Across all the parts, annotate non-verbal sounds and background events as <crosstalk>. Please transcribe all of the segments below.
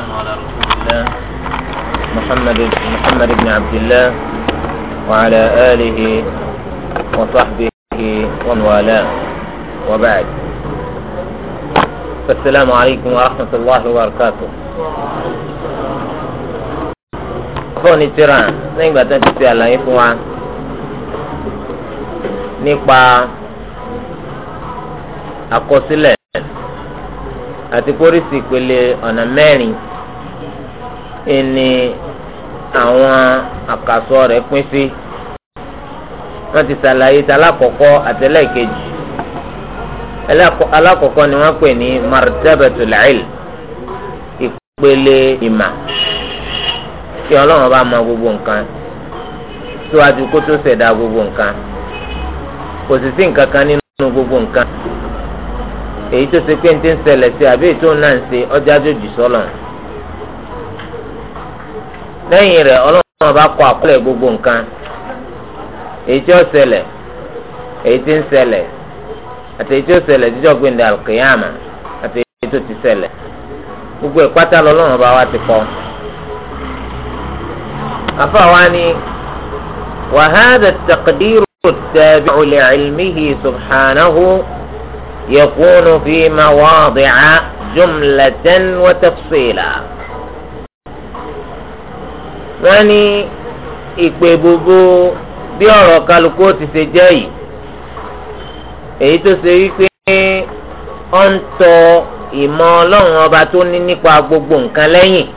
والسلام على رسول الله محمد محمد بن عبد الله وعلى آله وصحبه ومن والاه وبعد فالسلام عليكم ورحمة الله وبركاته fóònù tíra nígbà tó ti fi àlàyé fún wa nípa àkọsílẹ̀ àti kórìsì ìpele ọ̀nà mẹ́rin ìní àwọn àkàsọ rẹ̀ pín sí wọ́n ti ṣàlàyé tí alákọ̀ọ́kọ́ àti ẹlẹ́ẹ̀kejì alákọ̀ọ́kọ́ ni wọ́n pè ní martabatul ilm ìpele ìmà kí ọlọ́run bá mọ gbogbo nǹkan síwájú kó tó ṣẹ̀dá gbogbo nǹkan kò sì sí nǹkan kan nínú gbogbo nǹkan èyí tó ṣe pé ń ti ń ṣẹlẹ̀ sí àbí ètò náà ń ṣe ọjà sọ́lọ̀ lẹ́yìn rẹ̀ ọlọ́run ọba kọ àkọọ́lẹ̀ gbogbo nǹkan èyí tí ó ṣẹlẹ̀ èyí tí ń ṣẹlẹ̀ àti èyí tí ó ṣẹlẹ̀ jíjọ́ gbẹ̀ndẹ̀ àlùkìyàmà àti èyí tó ti ṣẹlẹ̀ gbogbo ìpátá lọ́lọ́run ọba wa ti kọ. afa wa ni wàhálà taqdiru tabi'u يكون في مواضع جملة وتفصيلا wọ́n ní ìpè gbogbo bí ọ̀rọ̀ kálukú ti ṣe jẹ́ yìí èyí tó ṣe wípé ó ń tọ ìmọ̀ ọlọ́run ọba tó ní nípa gbogbo nǹkan lẹ́yìn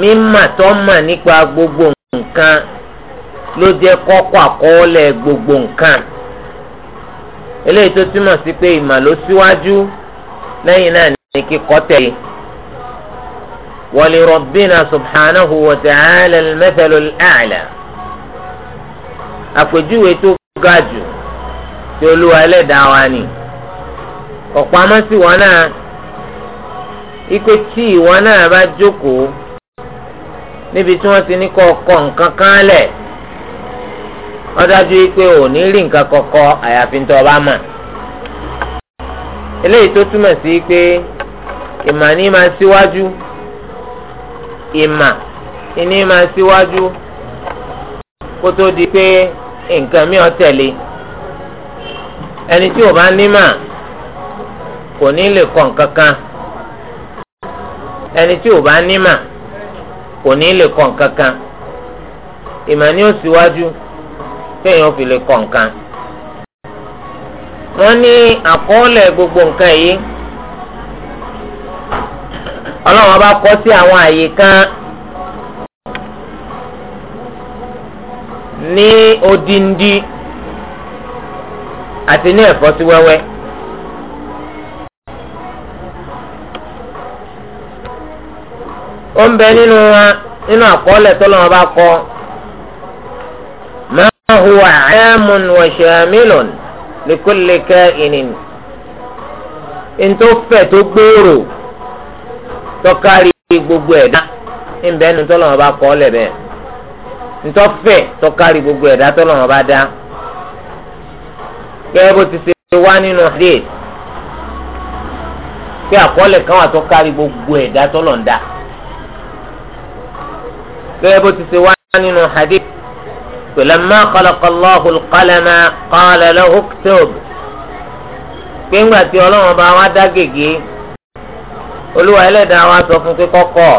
mímà tó mà nípa gbogbo nǹkan ló jẹ́ kọ́kọ́ àkọọ́lẹ̀ gbogbo nǹkan eléyìí tó túmọ̀ sí pé ìmọ̀ ló síwájú lẹ́yìn náà ní kíkọ́ tẹ̀lé. ولربنا سبحانه وتعالى المثل الأعلى àpèjúwe tó ga jù tí olúwa ẹlẹ́dàá wa ni ọ̀pọ̀ amọ́ sí wọn náà ikú tí ìwọ náà bá jókòó níbi tí wọ́n ti ní kọ́ ọkọ̀ nǹkan kan lẹ̀ wọ́n dájú pé ò ní rí nǹkan kọ̀kọ́ àyàfi tó o bá mọ̀. eléyìí tó túmọ̀ sí pé ìmà ní máa síwájú ìmà ní máa síwájú kó tó di pé nǹkan mi ò tẹ̀lé ẹni tí ò bá nímà kò ní lè kọ́ nǹkan kan ẹni tí ò bá nímà kò ní lè kọ́ nǹkan kan ìmà ni ó síwájú. Si téèyàn fi lè kọ nǹkan. wọ́n ní àkọọ́lẹ̀ gbogbo nǹkan yìí ọlọ́run bá kọ́ sí àwọn àyè kan ní odindi àti ní ẹ̀fọ́ sí wẹ́wẹ́. ó ń bẹ nínú wa nínú àkọọ́lẹ̀ tọ́lọ́run bá kọ́. هو عام وشامل لكل كائن ntọ́fẹ̀ tó gbòòrò tọ́kárí gbogbo ẹ̀dá ńbẹ́ nu tọ́lọ́mọ bá kọ́ lẹ́bẹ̀ ntọ́fẹ̀ tọ́kárí gbogbo ẹ̀dá tọ́lọ́mọ bá dá gẹ́gẹ́ bó ti ṣe wá nínú hadith pé àkọọ́lẹ̀ kan wà tọ́kárí gbogbo ẹ̀dá tọ́lọ́ndà gẹ́gẹ́ bó ti ṣe wá nínú hadith. فلما خلق الله القلم قال له اكتب كيما تي الله با وا داغيغي Olúwa Ẹlẹ́dàá wa sọ fún pé kọ́kọ́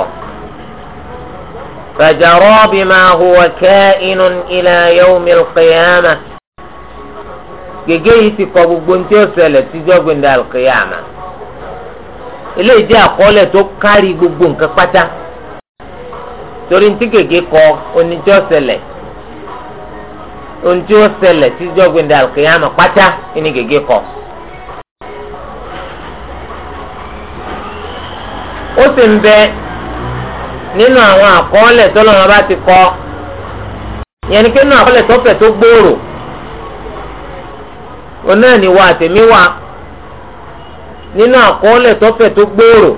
فجرى بما هو كائن إلى يوم القيامة gègé yìí ti kọ gbogbo ní tí ó ṣẹlẹ̀ tíjọ́ gbẹ̀ndà alqiyama eléyìí jẹ́ àkọọ́lẹ̀ tó kárí gbogbo nǹkan pátá torí ní tí gègé kọ oníjọ́ ṣẹlẹ̀ ohun tí ó ṣẹlẹ̀ tí jọ́gbìndà àlùkìyàmọ̀ pátá ní gègé kọ. ó sì ń bẹ nínú àwọn àkọọ́lẹ̀ tó lọ́wọ́ bá ti kọ yẹn ni pé nínú àkọọ́lẹ̀ tó fẹ̀ tó gbòòrò òun náà ni wa àtẹ̀mí wa nínú àkọọ́lẹ̀ tó fẹ̀ tó gbòòrò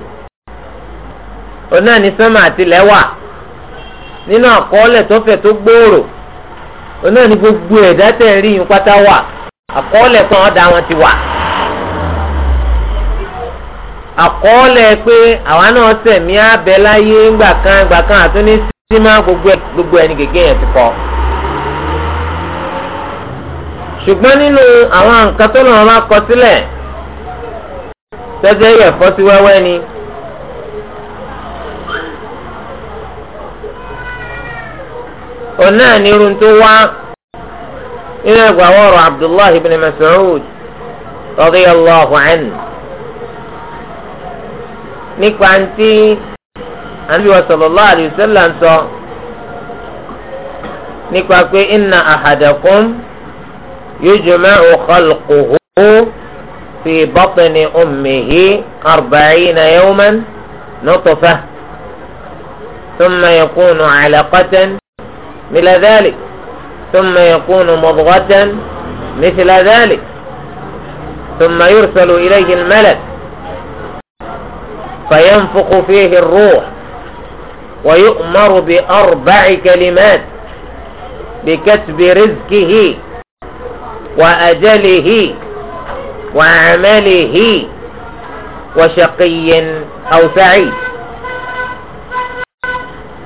òun náà ni sánmà àtìlẹ́ wà nínú àkọọ́lẹ̀ tó fẹ̀ tó gbòòrò onáà ní gbogbo ẹ̀dá tẹ̀ ń rí yín pátá wà àkọọ́lẹ̀ kan ọ̀dà wọn ti wà. àkọọ́lẹ̀ pé àwa náà tẹ̀mí abẹ láyé ńgbà kan ńgbà kan àtúní símá gbogbo ẹni gègé yẹn ti kọ. ṣùgbọ́n nínú àwọn nǹkan tó lọ́wọ́ máa kọ sílẹ̀ tọ́jú ẹ̀yẹ̀ fọ́ sí wẹ́wẹ́ ni. ọ̀nà ni irun tó wá nínú ẹgbà wọ́ọ̀rọ̀ abdullahi ibn mas'ud radiyallahu anhu nípa ntí ànábì wa sallallahu alayhi wa sallam sọ nípa pé inna ahadakum yujma'u khalquhu fi batni ummihi arba'ina yawman nutfah thumma yakunu alaqatan. مثل ذلك ثم يكون مضغة مثل ذلك ثم يرسل إليه الملك فينفخ فيه الروح ويؤمر بأربع كلمات بكتب رزقه وأجله وعمله وشقي أو سعيد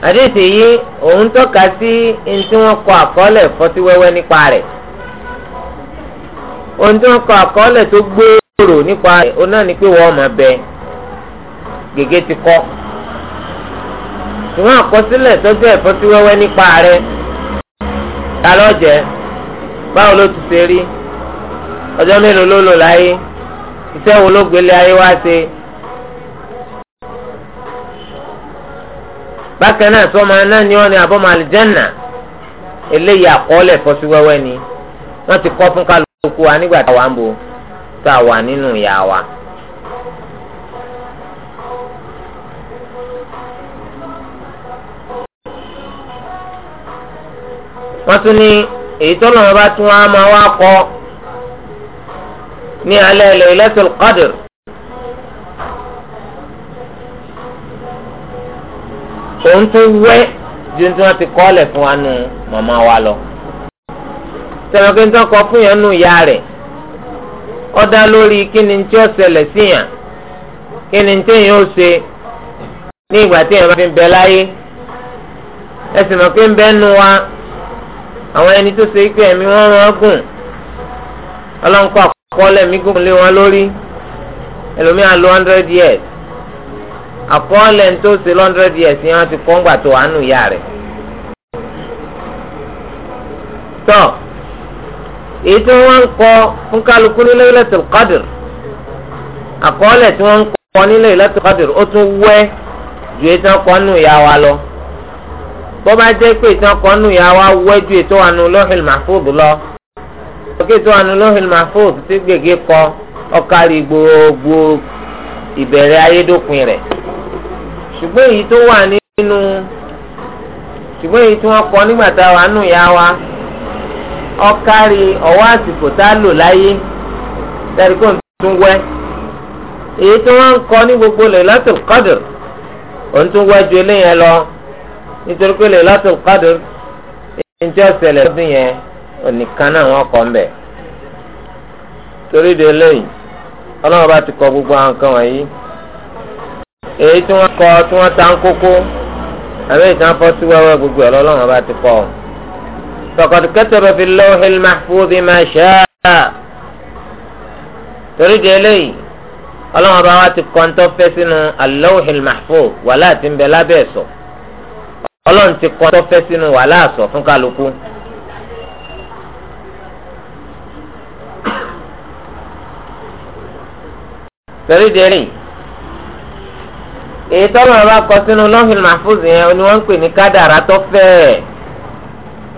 àdéhìí yìí òun tọ́ka sí ntí wọ́n kọ àkọọ́lẹ̀ fọ́tí wẹ́wẹ́ nípa rẹ̀ ohun tí wọ́n kọ àkọọ́lẹ̀ tó gbòòrò nípa rẹ̀ òun náà ni pé wọ́n mọ̀ bẹ́ẹ̀ gègé ti kọ́ ṣùgbọ́n àkọsílẹ̀ tó jẹ́ ìfọ́tí wẹ́wẹ́ nípa rẹ̀ ta ló jẹ́ báwo ló ti ṣe rí ọjọ́ mélòó ló lò láyé iṣẹ́ wo ló gbélé ayé wá ṣe. bákan náà sọmọ náà ni wọn ni abọ́mọ alìjẹ́nà eléyìí àkọọ́lẹ̀ fọ́síwẹ́wẹ́ ni wọ́n ti kọ́ fún kálukú wa nígbà tá a wà ń bo tá a wà nínú ìyá wa. wọ́n tún ní èyí tó lọ́wọ́ bá tún wá máa wá kọ́ ní alẹ́ Laylatul Qadr òun tó wẹ́ ju tí wọ́n ti kọ́ lẹ̀ fún wa nù màmá wa lọ. sẹ́wọ̀nkì tó kọ fún yẹn nù ìyá rẹ̀ ó dá lórí kí ni tí ó ṣẹlẹ̀ sí yàn kí ni tí yẹn ó ṣe ní ìgbà tí yẹn bá fi bẹ láyé ẹsìn mọ̀ pé ń bẹ́ nu wa àwọn ẹni tó ṣe pé ẹ̀mí wọn rán gùn ọlọ́nkọ́ àkọọ́lẹ̀ mí gùn lé wọn lórí ẹlòmíà lo hundred years àkọọ́lẹ̀ ń tó ṣe hundred years yẹn wọ́n ti kọ́ ńgbà tó àánú ìyá rẹ̀. tọ́ èyí tí wọ́n ń kọ fún kálukú ní Laylatul Qadr àkọọ́lẹ̀ tí wọ́n ń kọ ní Laylatul Qadr ó tún wẹ́ ju èyí tí wọ́n kọ́ nù ìyá wa lọ. bó bá jẹ́ pé ìtàn kan nù ìyá wa wẹ́ ju ètò àánú Lawhil Mahfuz lọ. òkè ètò àánú Lawhil Mahfuz ti gbègé kọ ọkàrí gbogbo ìbẹ̀rẹ̀ ayédópin rẹ̀. ṣùgbọ́n èyí tó wà nínú ṣùgbọ́n èyí tí wọ́n kọ nígbà tá a wà nù yá wa ọ̀kárí ọ̀wọ́ àsìkò tá a lò láyé tẹ̀ríkò tún wẹ́ èyí tí wọ́n kọ ní gbogbo Lailatul Qadr òun tún wẹ́ ju eléyẹn lọ nítorí pé Lailatul Qadr ìjọ lọ́dún yẹn ònìkan náà wọ́n kọ́ mbẹ̀ torí de lẹ́yìn ọlọ́run bá ti kọ gbogbo àwọn wọ̀nyí. èyí tí wọ́n kọ tí wọ́n ta ń kókó àbí ìtàn fọ́ sí wẹ́wẹ́ gbogbo ẹ̀ lọ́lọ́run bá ti kọ́ ọ. faqad kataba fil lawhil mahfuz ma sha'a torí di eléyìí ọlọ́run bá wa ti kọ́ ń tọ́ fẹ́ sínú al-lawhil wàhálà ti ń bẹ lábẹ́ ẹ̀ ọlọ́run ti kọ́ tọ́fẹ́ sínú wàhálà àsọ̀ fún kálukú. torí dèrè èyí tọ́lọ̀ bá kọ sínú lọ́hìn màfúùsì yẹn ni wọ́n ń pè ní kádàrá tó fẹ́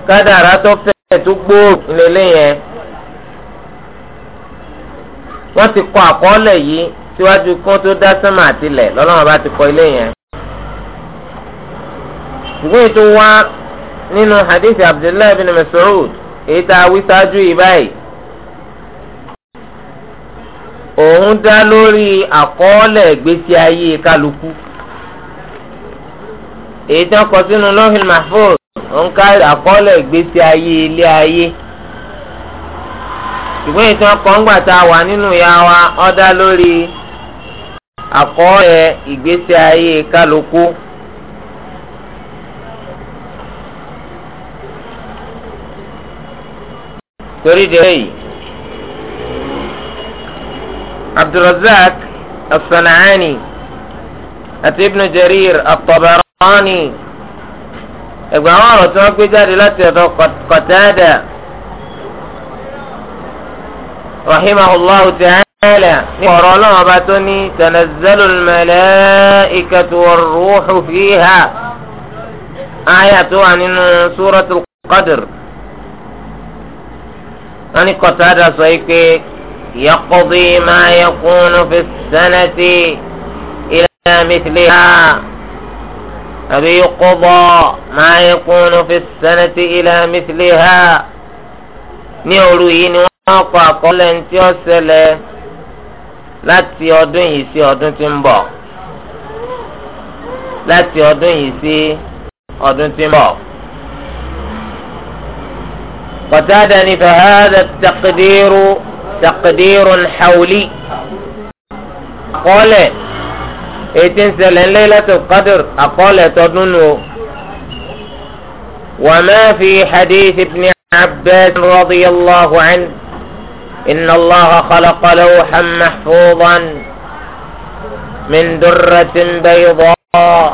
kádàrá tó fẹ́ tó gbóòrò lélẹ̀ yẹn wọ́n ti kọ àkọọ́lẹ̀ yìí síwájú kí wọ́n tó dá sánmà àtilẹ̀ lọ́lọ́wọ́n bá ti kọ ilé yẹn. ṣùgbọ́n ètò wa nínú hadith abdullahi bin mas'ud èyí tá a wí sáájú yìí báyìí. òun dá lórí àkọọ́lẹ̀ ìgbésí ayé kálukú èyí tí kọ sínú lọ́hìn mahfouz òun ká àkọọ́lẹ̀ ìgbésí ayé ilé ayé tá wa ó dá lórí àkọọ́lẹ̀ ìgbésí ayé kálukú. torí عبد الرزاق الصنعاني أتى ابن جرير الطبراني ابن عمر وتوقف جاري لاتي قتادة رحمه الله تعالى نقرأ لعبتني تنزل الملائكة والروح فيها آية عن سورة القدر أني قتادة صيكي يقضي ما يكون في السنة إلى مثلها أبي فليقضى ما يكون في السنة إلى مثلها نيولوين واقع قول انتي لا تيودون يسي ودون تنبا لا تيودون يسي ودون تنبا قتادني فهذا التقدير تقدير حولي àkọọ́lẹ̀ ètí ń ṣẹlẹ̀ ńlẹ́ lẹ́tọ̀ qadr وما في حديث ابن عباس رضي الله عنه إن الله خلق لوحا محفوظا من درة بيضاء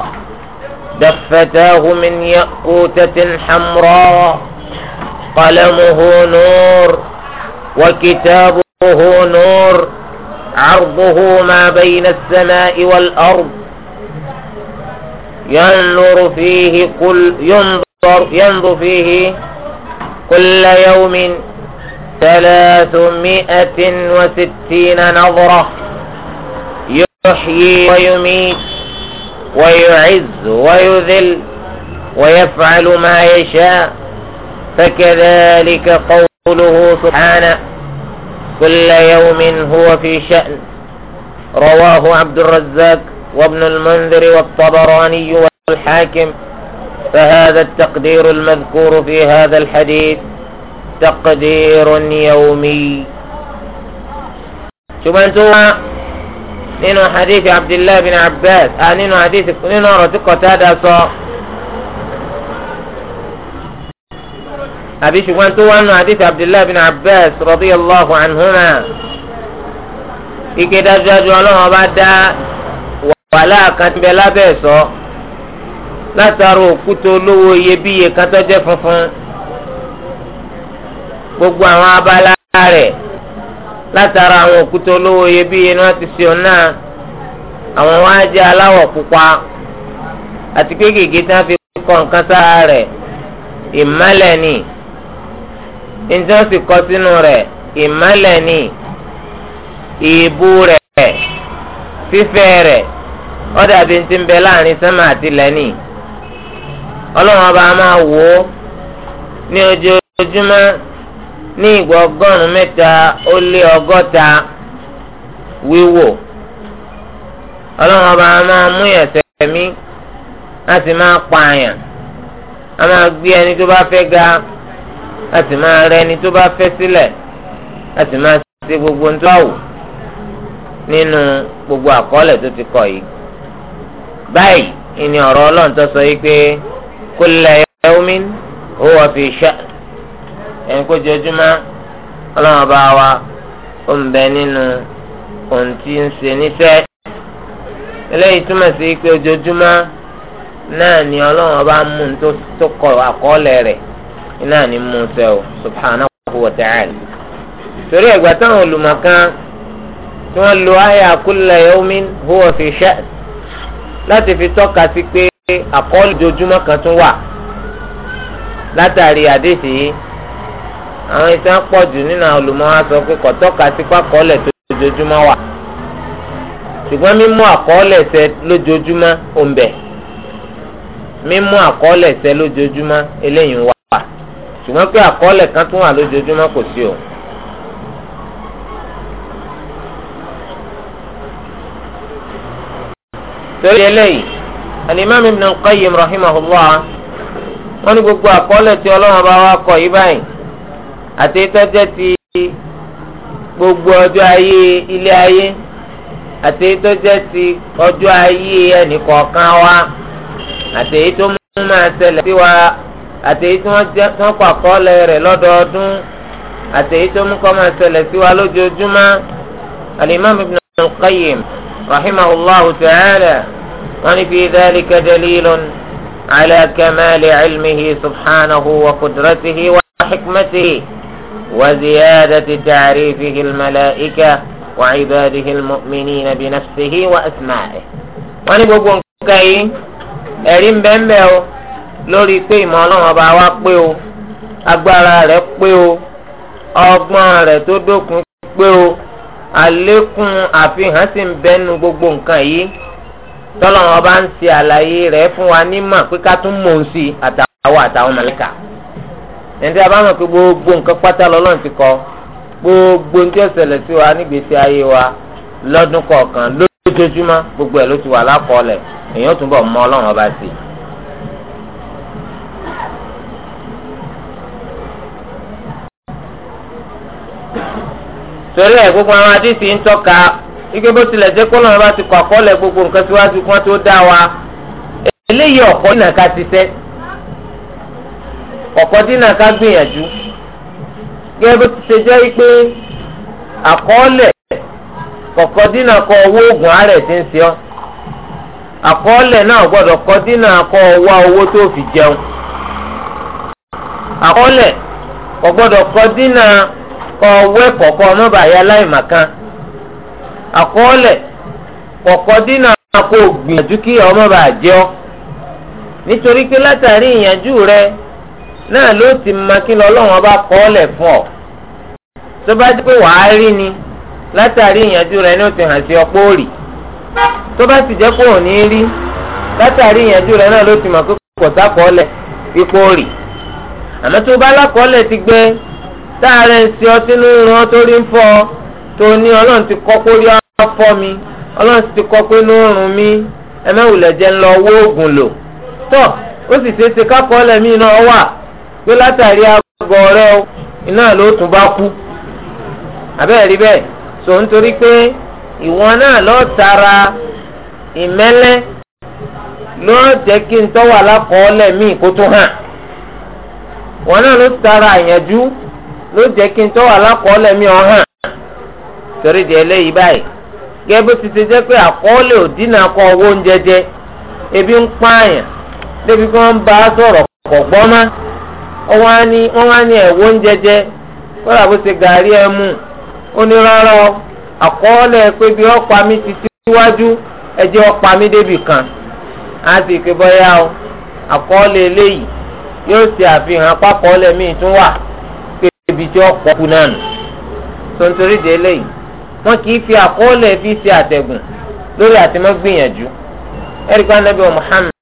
دفتاه من يأكوتة حمراء قلمه نور وكتابه نور عرضه ما بين السماء والأرض ينظر فيه كل ينظر ينظر فيه كل يوم ثلاثمائة وستين نظرة يحيي ويميت ويعز ويذل ويفعل ما يشاء فكذلك قول قوله سبحانه كل يوم هو في شأن رواه عبد الرزاق وابن المنذر والطبراني والحاكم فهذا التقدير المذكور في هذا الحديث تقدير يومي شو بنتوا نينو حديث عبد الله بن عباس آه نينو حديث نينو رتقة هذا صار àbí ṣùgbọ́n tó wá nù àdìsí abdullahi bin abbas radiyallahu anhuma ike dájúdájú ọlọ́run ọba dá wàhálà kan tí bẹ lábẹ́ sọ látara òkúta olówó iyebíye kan tó jẹ́ funfun gbogbo àwọn abala rẹ̀ látara àwọn òkúta olówó iyebíye ni wọ́n ti ṣe ọ̀nà àwọn wọn á jẹ́ aláwọ̀ pupa àti pé tí wọ́n fi kọ́ nǹkan sára rẹ̀ ìmálẹ̀ ni. njẹ́ ó sì kọ ni ibu rẹ fífẹ̀ rẹ̀ ó dàbí ti ń bẹ láàrin sánmà àti ọba máa wò ó ní ojoojúmọ́ ní ìgbà ọgọ́rùn-ún ó lé ọba máa mú láti máa a máa gbé ga. a sì máa rẹ ẹni tó bá fẹ́ sílẹ̀ a sì máa ṣe gbogbo ń tó àwò nínú gbogbo àkọọ́lẹ̀ tó ti kọ yìí. báyìí ìní ọ̀rọ̀ ọlọ́run tó sọ yìí pé kulla yawmin huwa fi sha'n ẹni kó jọjúmọ́ ọlọ́run bá wa ó ń bẹ nínú ohun tí ń ṣe níṣẹ́. eléyìí túmọ̀ sí pé ojoojúmọ́ náà ni ọlọ́run bá mú un tó kọ àkọọ́lẹ̀ rẹ̀ iná ní musa o subhanahu wa ta'ala torí ẹgbà táwọn olùmọ̀kan tí wọ́n lo àyà kulla yawmin huwa fi sha'n láti fi tọ́ka sí pé àkọọ́lù ojoojúmọ́ kan tún wà látàrí àdéhìí yìí àwọn ìtàn pọ̀ jù nínú àwọn olùmọ̀ wa sọ pé kò tọ́ka sí pàkọ́ọ́lẹ̀ tó lójoojúmọ́ wà ṣùgbọ́n mímú àkọọ́lẹ̀ ṣẹ lójoojúmọ́ òǹbẹ̀ mímú àkọọ́lẹ̀ ṣẹ lójoojúmọ́ eléyìí wà ṣùgbọ́n pé àkọọ́lẹ̀ kan tún wà lójoojúmọ́ kò sí o. torí eléyìí alimami ibn qayyim rahimahullah wọ́n ní gbogbo àkọọ́lẹ̀ tí ọlọ́run bá wá kọ yìí báyìí àti tọ́jẹ́ ti gbogbo ọjọ́ ayé ilé ayé àti tọ́jẹ́ ti ọjọ́ ayé ẹnì kọ̀ọ̀kan wa àti èyí tó mú máa ṣẹlẹ̀ sí wa. àtẹ̀yí tí wọ́n kọ àkọọ́lẹ̀ rẹ̀ lọ́dọọdún àtẹ̀yí tó mú kọ́ máa ṣẹlẹ̀ sí wa lójoojúmọ́ alimami ibn al-qayyim rahimahullahu ta'ala wọ́n ní fi dhalika dalilun ala kamali ilmihi subhanahu wa qudratihi wa hikmatihi wa ziyadati ta'rifihi al-mala'ika wa ibadihi al-mu'minina bi nafsihi wa asma'ihi. wọ́n ní gbogbo nǹkan yìí ẹ̀rí ń bẹ́ẹ̀ bẹ́ẹ̀ o. lórí pé ìmọ̀ ọlọ́run ọba wa pé o agbára rẹ̀ pé o ọgbọ́n rẹ̀ tó dókun pé o àlékún àfihàn sì ń bẹ́nu gbogbo nǹkan yìí tọ́lọ́run ọba ń ṣe àlàyé rẹ̀ fún wa nímọ̀ pé ká tún mọ̀ ọ́n sí àtàwọn àtàwọn mọ̀lẹ́kà ẹ̀ńtẹ́ àbámọ̀ pé gbogbo nǹkan pátá lọ́lọ́run ti kọ́ gbogbo ní tí ó ṣẹlẹ̀ sí wa nígbèésí ayé wa lọ́dún kọ̀ọ̀kan lójoojúmọ́ gbogbo ẹ̀ ló ti wà lákọọ́lẹ̀ èèyàn túbọ̀ mọ̀ ọlọ́run ọba sí i. torí ẹ̀ gbogbo àwọn àdìsí ń tọ́ka ike bó tilẹ̀ jẹ́ kọ́nà bá ti kọ́ gbogbo nǹkan síwájú kí wọ́n tó wa eléyìí ọ̀kọ́ dínà ká ti ọ̀kọ́ dínà ká gbìyànjú gẹ́gẹ́ bó ti ṣe jẹ́ pé àkọọ́lẹ̀ kọ̀kọ́ dínà kọ owó oògùn àárẹ̀ ti ń ṣe ọ́ àkọọ́lẹ̀ náà gbọ́dọ̀ dínà kọ owó tó fi jẹun àkọọ́lẹ̀ kọ́ kọkọ kọ̀ọ̀kọ́ ọmọọba yẹn aláìmàkan àkọọ́lẹ̀ kọkọ dínà kó gbìyànjú kí ọmọba jẹ́ ọ nítorí pé látàrí ìyànjú rẹ náà ló ti ma kí ọba kọ́ọ́lẹ̀ fún ọ tó bá dé pé wàá rí ni látàrí ìyànjú rẹ ní ọpọ́ òrì tó bá jẹ́ pé ò ní rí táàrẹ̀ ń sin ọtí ń ran tó ní ọlọ́run ti kọ́ pé ó mi ọlọ́run ti kọ́ pé ń lọ owó oògùn lò tọ́ ó sì ṣe é ṣe kákọ́ lẹ́mí iná wà pé látàrí o iná ló tún bá kú àbẹ́ẹ̀ bẹ́ẹ̀ tara ìmẹ́lẹ́ lọ́ọ́ jẹ́ kí n tọ́wà kó tún hàn wọn náà tara àyànjú ló jẹ́ kí n tó wà mi ọ̀hán torí di eléyìí báyìí gẹ́gẹ́ bó ti ṣe jẹ́ pé àkọọ́lẹ̀ ò dínà owó oúnjẹ jẹ ebi ń pààyàn débi kí wọ́n bá a sọ̀rọ̀ kọ̀ gbọ́n má wọ́n wá ní ẹ̀wọ́ oúnjẹ jẹ kọ́lá bó ṣe gàrí ẹ mú ó ní rárá o àkọọ́lẹ̀ pé bí ọ̀pá mi ti síwájú ẹjẹ́ ọ̀pá mi débì kan á sì ké bọ́yá o àkọọ́lẹ̀ eléyìí yóò ṣe àfihàn pápọ̀ọ́lẹ̀ míì tún wà. ibi tí ó pọ̀ kú nù. de eléyìí wọn kì í fi àkọọ́lẹ̀ fi ṣe àtẹ̀gùn lórí àtìmọ́gbìyànjú ẹ̀ríkà nàbẹ̀ Muhammad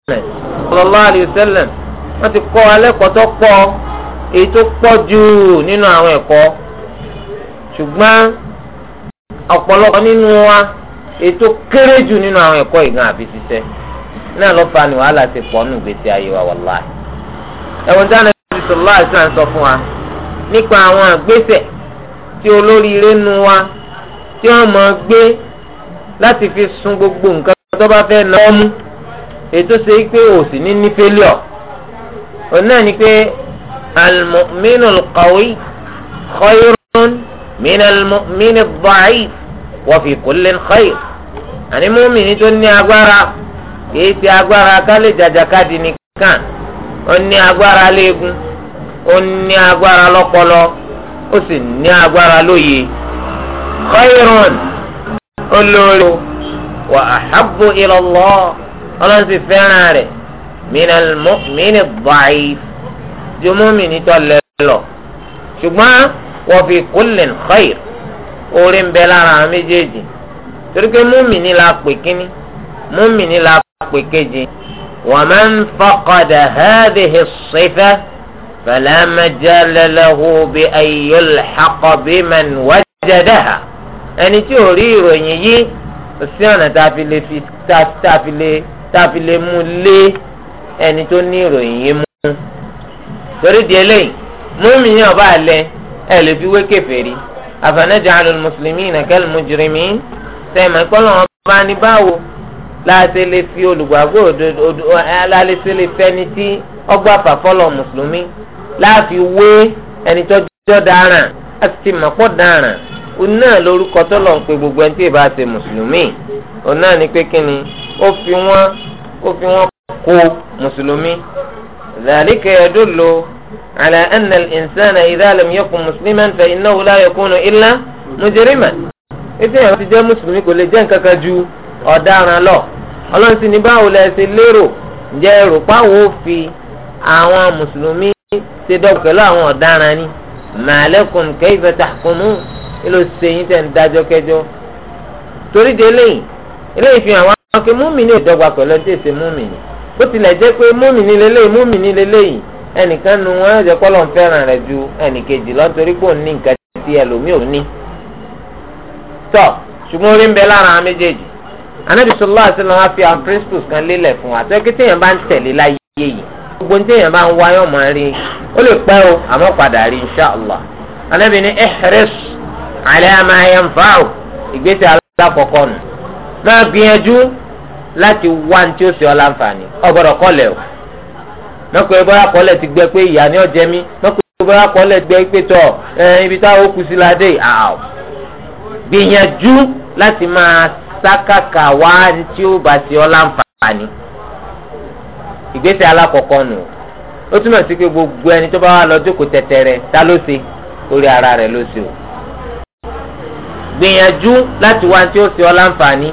sallallahu alayhi wa wọ́n ti kọ́ alẹ́kọ̀ọ́ tó pọ̀ èyí tó pọ̀ jù nínú àwọn ẹ̀kọ́ ṣùgbọ́n ọ̀pọ̀lọpọ̀ nínú wa èyí tó kéré jù nínú àwọn ẹ̀kọ́ àfi ṣiṣẹ́ náà ló fa ni wàhálà ti pọ̀ nù gbèsè ayé nípa àwọn àgbésẹ̀ tí olóríire nu wa tí wọ́n mọ̀ gbé láti fi sun gbogbo nǹkan tó bá fẹ́ na ọ́ mú ètò ṣe é pé òsì ní ní fẹ́lẹ̀ ọ̀ náà ni pé al-mu'minu al-qawi khayrun min al-mu'mini ad-da'if wa fi kullin khayr tó ní agbára kìí ṣe agbára ká lè jàjàkadì nìkan ó ní agbára léegun. ó ní agbára lọ́pọlọ ó sì ní agbára lóye khairun olórí wa ahabbu ilọlọ ọlọ́run sì fẹ́ràn rẹ̀ minal báyìí jùmọ́ mi ní tó lọ ṣùgbọ́n wọ́n fi kullin khair orí ń bẹ lára àwọn méjèèjì torí pé mọ́mìnì la pè kíní mọ́mìnì la pè kejì wọ́n máa ń faqada hadhihi as-sifa. فلا مجال له بأن يلحق بمن وجدها ẹni tí ò rí ìròyìn yìí kò sí ọ̀nà tá a fi lè fi tá a fi lè tá a fi lè mú lé ẹni tó ní ìròyìn yìí mú. torí di eléyìí múmi yàn bá lẹ ẹ lè fi wé kèfèrí afanaj'alul muslimina kal mujrimin sẹ́mi kọ́lọ́ wọn bá ní báwo láti lè fi olùgbàgbọ́ láti lè fẹ́ni tí ọgbà fàfọ́lọ̀ mùsùlùmí láàfi wé ẹni tó jọ dáràn láti ti mọ̀ pọ̀ dáràn òun náà lórúkọ tó lọ́n pe gbogbo ẹni tí ì bá ṣe mùsùlùmí òun náà ni pé kí ni ó fi wọ́n ó fi wọ́n kó mùsùlùmí. dhalika yadullu ala anna al-insana idha lam yakun musliman fa innahu la yakunu illa mujriman. ètò ìyàwó ti jẹ́ mùsùlùmí kò lè jẹ́ nǹkan ju ọ̀daràn lọ. ọlọ́run sì ní báwo lẹ lérò ǹjẹ́ rò ṣe dọ́gba pẹ̀lú àwọn ọ̀daràn ni màálẹ́kùn kayfa tahkumun èlò sẹ́yìn tẹ̀ ń dájọ́ kẹjọ́ torí de eléyìí eléyìí fi hàn wá pé múmìnì ò dọ́gba pẹ̀lú ẹni tí èsè múmìnì bó tilẹ̀ jẹ́ pé múmìnì lélẹ́yìí múmìnì lélẹ́yìí ẹnìkan nu wọn ẹ̀jẹ̀ kọ́lọ̀ ń fẹ́ràn rẹ̀ ju ẹnìkejì lọ torí pé òun ní nǹkan tí ẹlòmíì ò ní. tọ́ ṣùgbọ́n orí ń bẹ lára méjèèjì anábìsọ̀lá àti lọ́wọ́ fi àwọn principles kan lélẹ̀ fún wa àti ẹgbẹ́ tí èèyàn bá ń tẹ̀lé láyé yìí gbogbo ní téèyàn bá ń wá yọ̀ mọ́ rí ó lè pẹ́ o àmọ́ padà rí insha allah anabi ni ihris ala ma yanfa'u ìgbésẹ̀ alákọ̀ọ́kọ́ nù máa gbìyànjú láti wá ní tí ó ṣe ọ́ láǹfààní ọ̀gbọ́dọ̀ kọ́lẹ̀ o mọ́kò ẹ bọ́yá kọ́lẹ̀ ti gbẹ pé ìyá ni ọ̀jẹ̀ mi mọ́kò ẹ bọ́yá kọ́lẹ̀ ti gbẹ pé tọ̀ ibi táwọn ó kù sí ládé àwọ̀ gbìyànjú láti máa sákàkà wá ní tí ó bá ṣe ọ́ láǹfààní ìgbésẹ̀ alákọ̀ọ́kọ́ nù ó túmọ̀ sí pé gbogbo ẹni tó bá wà lọ́jọ́ kò tẹ̀tẹ̀rẹ̀ ta ló ṣe orí ara rẹ̀ ló ṣe o gbìyànjú láti wá tí ó ṣe ọ láǹfààní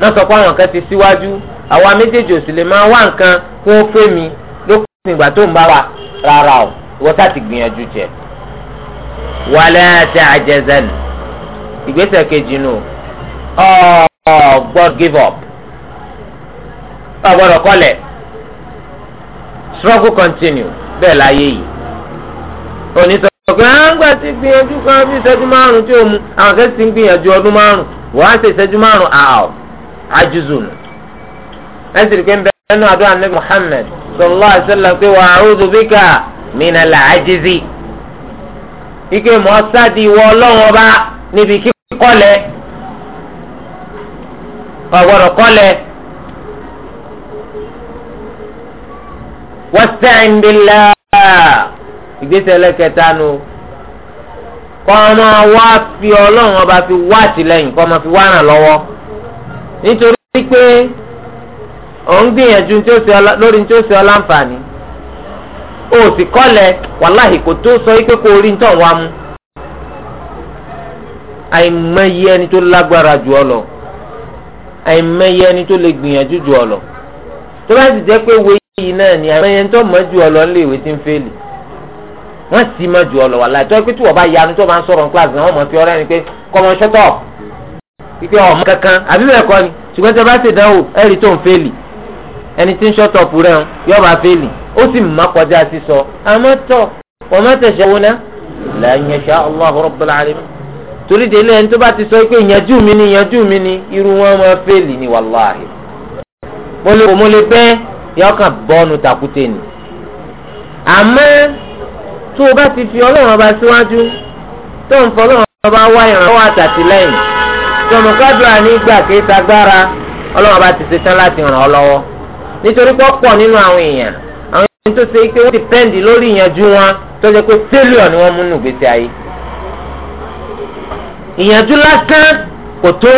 náà sọ pé àwọn kan ti síwájú àwa méjèèjì ò sì lè máa wá nǹkan kó o fẹ́ mi lópin ìgbà tó ń bá wa rárá o wọ́n sá ti gbìyànjú jẹ wàlẹ́ àti àjẹsẹ́nu ìgbésẹ̀ kejì nù ọ̀ gbọ́ give up ọ̀ gbọ́dọ̀ kọ́lẹ̀ struggle continue bẹ́ẹ̀ láyé yìí òní sọ pé à ń gbà tí gbìyànjú kan bí ìṣẹ́jú márùn-ún tí o mu àwọn akẹ́kọ̀ọ́ ti ń gbìyànjú ọdún márùn-ún wọ́n á ṣe ìṣẹ́jú márùn-ún àwọ̀ ajuzunu ẹsìrì pé ń bẹ ẹnu àdúrà ní Muhammad sallallahu alaihi wasallam pé wa a'udhu bika minal ajizi ike mọ́sádì ìwọ ọlọ́run ọba níbi kíkọ́lẹ̀ ọ̀gbọ́dọ̀ kọ́lẹ̀ wasta'in billah ìgbésẹ̀ ẹlẹ́kẹta nu kọ́mọ wá fi ọlọ́run ọba fi wá àtìlẹ́yìn kọ́mọ fi wá ràn lọ́wọ́ nítorí pé òun gbìyànjú lórí tí ó ṣe ọ o sì kọ́lẹ̀ wàláhì kò tó sọ pé kò rí nítorí wa mú àìmọye ẹni tó lágbára jù ọ lọ àìmọye ẹni tó lè gbìyànjú jù ọ lọ tó bá sì jẹ́ pé wo yìí náà ni àmọ́yẹn tó mọ̀ ju ọlọ́ nílé ìwé tí ń fẹ́lì wọ́n sì mọ̀ ju ọlọ́ wà láì tó ẹ pé tí wọ́n bá yanu tó máa ń sọ̀rọ̀ nípa àgbà wọn mọ̀ fi ọ̀rẹ́ ni pé kọ́mọ ṣọ́tọ̀ pípé ọmọ kankan àbí bẹ́ẹ̀ kọ́ ni ṣùgbọ́n tí a bá ṣe ìdánwò ẹ rí tó ń fẹ́lì ẹni tí ń ṣọ́tọ̀ pù rẹ̀ yóò bá fẹ́lì ó sì mọ̀ kọjá sí sọ àmọ́ tọ̀ wọ́n mọ̀ tẹ̀sẹ̀ wọn náà lẹ́yìn ẹ̀ṣá Allahu Rabbul Alamin torí délé ẹni tó bá ti sọ pé ìyànjú mi ni ìyànjú mi ni irú wọn máa fẹ́lì ni wàláhì mo lè bẹ́ẹ̀ yọ kàn bọ́ọ̀nù takùté ni àmọ́ tó o bá ti fi ọlọ́run ọba síwájú tó ń fọ ọlọ́run ọba wá ìrànlọ́wọ́ àtàtìlẹ́yìn tọmọ kádùá nígbà kéta gbára ọlọ́run ọba ti ṣe tán láti ràn ọ́ lọ́wọ́ nítorí pé pọ̀ nínú àwọn èèyàn àwọn èèyàn tó ṣe pé wọ́n dìpẹ́ǹdì lórí ìyànjú wọn tó ṣe pé tẹ́lẹ̀ ni wọ́n mú gbèsè ayé ìyànjú lásán kò tó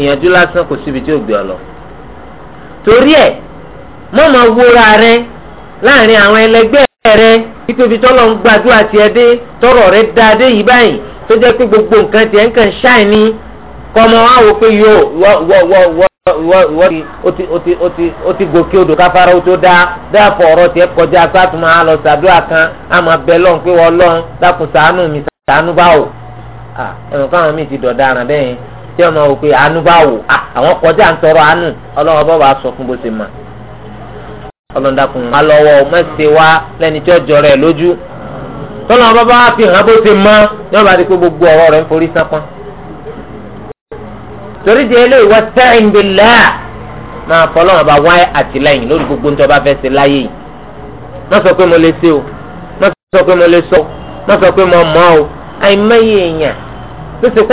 ìyànjú lásán kò síbi tí ò torí ẹ̀ mọ́mọ́ wúra rẹ láàrin àwọn ẹlẹgbẹ́ rẹ ìtòbi tọ́lọ̀ ń gbàdúrà tiẹ̀ dé tọrọ rẹ dáa dé yìí tó jẹ́ pé gbogbo nǹkan tiẹ̀ ń kàn ṣáì ní wa wò pé yóò o ti o ti o ti gòkè odò káfárá o tó kọjá pé mi báwò. tí ọmọ wò pé àánú bá wò àwọn kọjá ń tọrọ àánú ọlọ́wọ́ bá sọ fún bó ṣe mọ̀ ọlọ́dàkùn wa lọ́wọ́ mẹ́sẹ̀ wá lẹ́ni tí ọjọ́ rẹ̀ lójú tọ́lọ́ bá bá fi hàn bó ṣe mọ́ ní ọba àti pé gbogbo ọ̀rọ̀ rẹ̀ ń forí sápọ́n. torí di eléyìí wọ́n sẹ́yìn bí máa fọ́ bá wáyé àtìlẹ́yìn lórí gbogbo ń sọ o sọ pé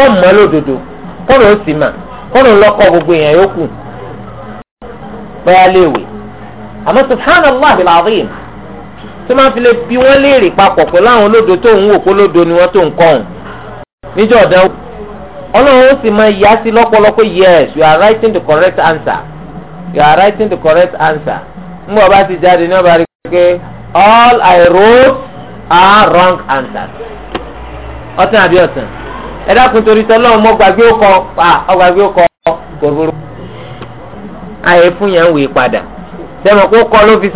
mo kọ́rọ̀ ó sì mà kọ́rọ̀ lọ́kọ̀ gbogbo èèyàn yòókù bẹ́ẹ̀ léèwé àmọ́ subhanallah al-azim tó máa fi lè bi wọ́n léèrè papọ̀ pẹ̀lú àwọn olódo tó ń wò kó lódo ni wọ́n tó ń kọ́ ọ̀hún níjọ́ ọ̀dán ọlọ́run ó sì máa yá sí lọ́pọ̀lọpọ̀ yes you are writing the correct answer you are writing the correct answer ń bọ̀ bá ti jáde ní ọba rí pé all I wrote are wrong answers ọ̀tún àbí ọ̀tún. ẹ̀dá kun torí tọ́lọ́ mọ́ gbàgbé ó kọ pa ọgbàgbé ó kọ gbogbo. ayé fún yẹn ń wèé padà sẹ́wọ̀n kó kọ́ ló fi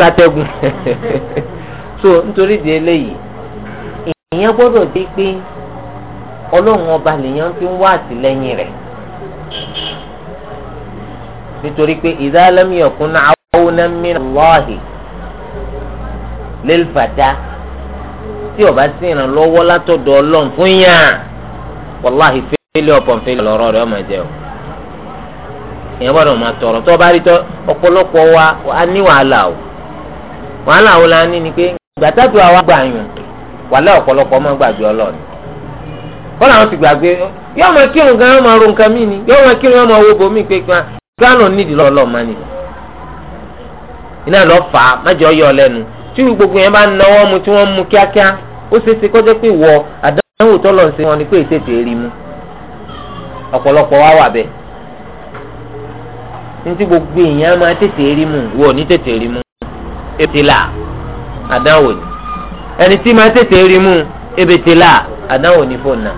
<laughs> so nítorí di eléyìí gbọ́dọ̀ dé pé ọlọ́run ọba ń wá àtìlẹ́yìn rẹ̀ nítorí pé ìdálẹ́mí mìíràn lọ́ọ̀hì tí ọba wàláhì fẹ́lẹ́ ọ̀pọ̀n fẹ́lẹ́ lọ́rọ́ rẹ̀ ọmọ ẹ̀jẹ̀ o ìyẹn gbọ́dọ̀ máa tọrọ tó o bá rí tọ́ a ní o wàhálà wo la ní ni pé àwa gbà yùn ọmọ gbàgbé kọ́ làwọn ti gbàgbé yóò máa kírun gan yóò máa ro nǹkan mí ni yóò máa kírun yóò máa wo pé gánà nídìí máa iná lọ fà á májọ yọ lẹ́nu tí gbogbo yẹn bá ó ṣe é ṣe kọjá pé wọ àdánwò tọ́lọ̀ ń ṣe wọn ni pé ètètè rí mu ọ̀pọ̀lọpọ̀ wá wà bẹ́ẹ̀ ní tí gbogbo èèyàn máa tètè rí mu wọ ní tètè rí mu ètè là àdánwò ni ẹni tí máa tètè rí mu ebètè là àdánwò ni fóònù náà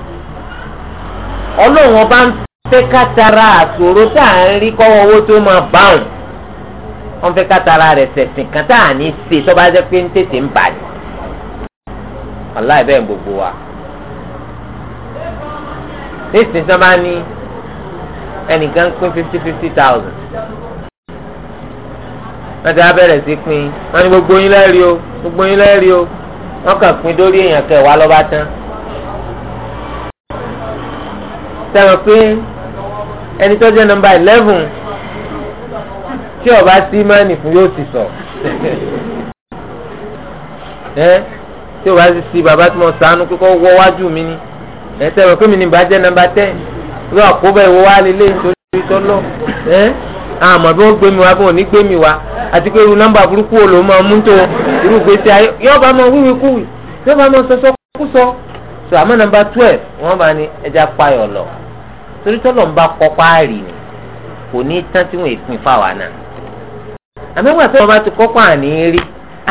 ọlọ́run ọba ń fẹ́ kátara àṣòro tá à ń rí kọ́wọ́ owó tó máa báwùn wọ́n fẹ́ kátara rẹ̀ sẹ̀sìn kan tá à ní ṣe tó bá jẹ́ pé ń tètè ń bàjẹ́ aláì bẹ́ẹ̀ gbogbo wa. nísìnyí sábà máa ní ẹnìkan pín fifty fifty thousand wọ́n ti abẹ́rẹ́ sí pín wọ́n ní gbogbo yín lẹ́rìí o gbogbo yín lẹ́rìí o wọ́n kàn pín dórí èèyàn kẹwàá lọ́ba tán. sẹ́wọ̀n pé ẹni tó jẹ́ nọ́mbà eleven tí ọba sí máa nì fún yóò ti sọ. <laughs> tí o bá ti si bàbá tí mo sànú kíkọ́ wọ́ wájú mi ni ẹ̀sẹ̀ rẹ̀ kí mi ní bàjẹ́ nàmbà tẹ́ ìwé àkóbá ìwọ wá lélẹ̀ nítorí tọ́lọ́ ẹ́ àmọ́ bí wọ́n gbé mi wá bí wọ́n ní gbé mi wá àti pé irú nọ́mbà burúkú wo ló máa mú tó irú gbèsè ayé yọba máa wíwí kúwì yọba máa sọsọ kú sọ so àmọ́ nọ́mbà twelve wọ́n bá ní ẹja payọ̀ lọ torí tọ́lọ̀ ń bá kọ́ páàrì ni kò ní tán tí wọ́n èpin fáwa náà àmọ́ ìgbà tó wọ́n bá ti kọ́ páàrì ní rí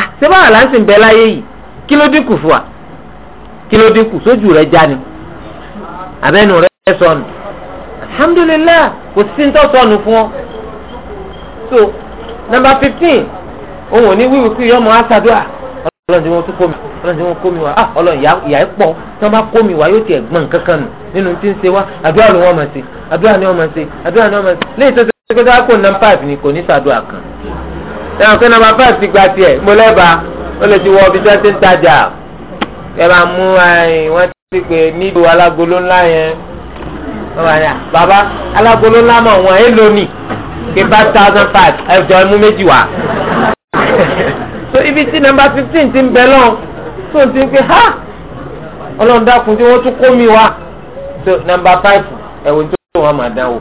àti ah, báwa láǹsì ń bẹ láyé yìí kí ló dínkù fún wa kí ló dínkù sójú rẹ já ni abẹ́nu rẹ sọnù alhamdulilayi kò sí ní tó sọnù fún ọ so number fifteen òun ò ní wíwí kí yọmọ asàdúrà ọlọ́run tí wọ́n tún kó mi ọlọ́run tí wọ́n kó mi wá ah ọlọ́run ìyá ẹ̀ pọ̀ tí wọ́n bá kó mi wá yóò tiẹ̀ gbọ́n kankan nù nínú tí ń ṣe wá àdúrà ni wọ́n máa ṣe àdúrà ni wọ́n máa ṣe àdúrà ni wọ́n máa ṣe léyìí tó ṣe pé dáko nà five ni kò ní sàdúrà kan ẹ̀rọ pé nà five ti gba tiẹ̀ mo lẹ́bàá ó lè ti wọ ibi tí wọ́n ti ń tajà ẹ máa mú wọ́n ti pè nílùú alágolo ńlá yẹn wọ́n máa ní bàbá alágolo ńlá mọ̀ wọ́n ẹ lónìí kí five thousand five ẹ jọ ẹmu méjì wá. <laughs> so ibi tí nọ́mbà fifteen ti ń bẹ lọ́n tó ti ń pè ha ọlọ́run dákun tí wọ́n tún kó mi wá so nọ́mbà five ẹ̀wọ̀n tó wọ́n máa dánwò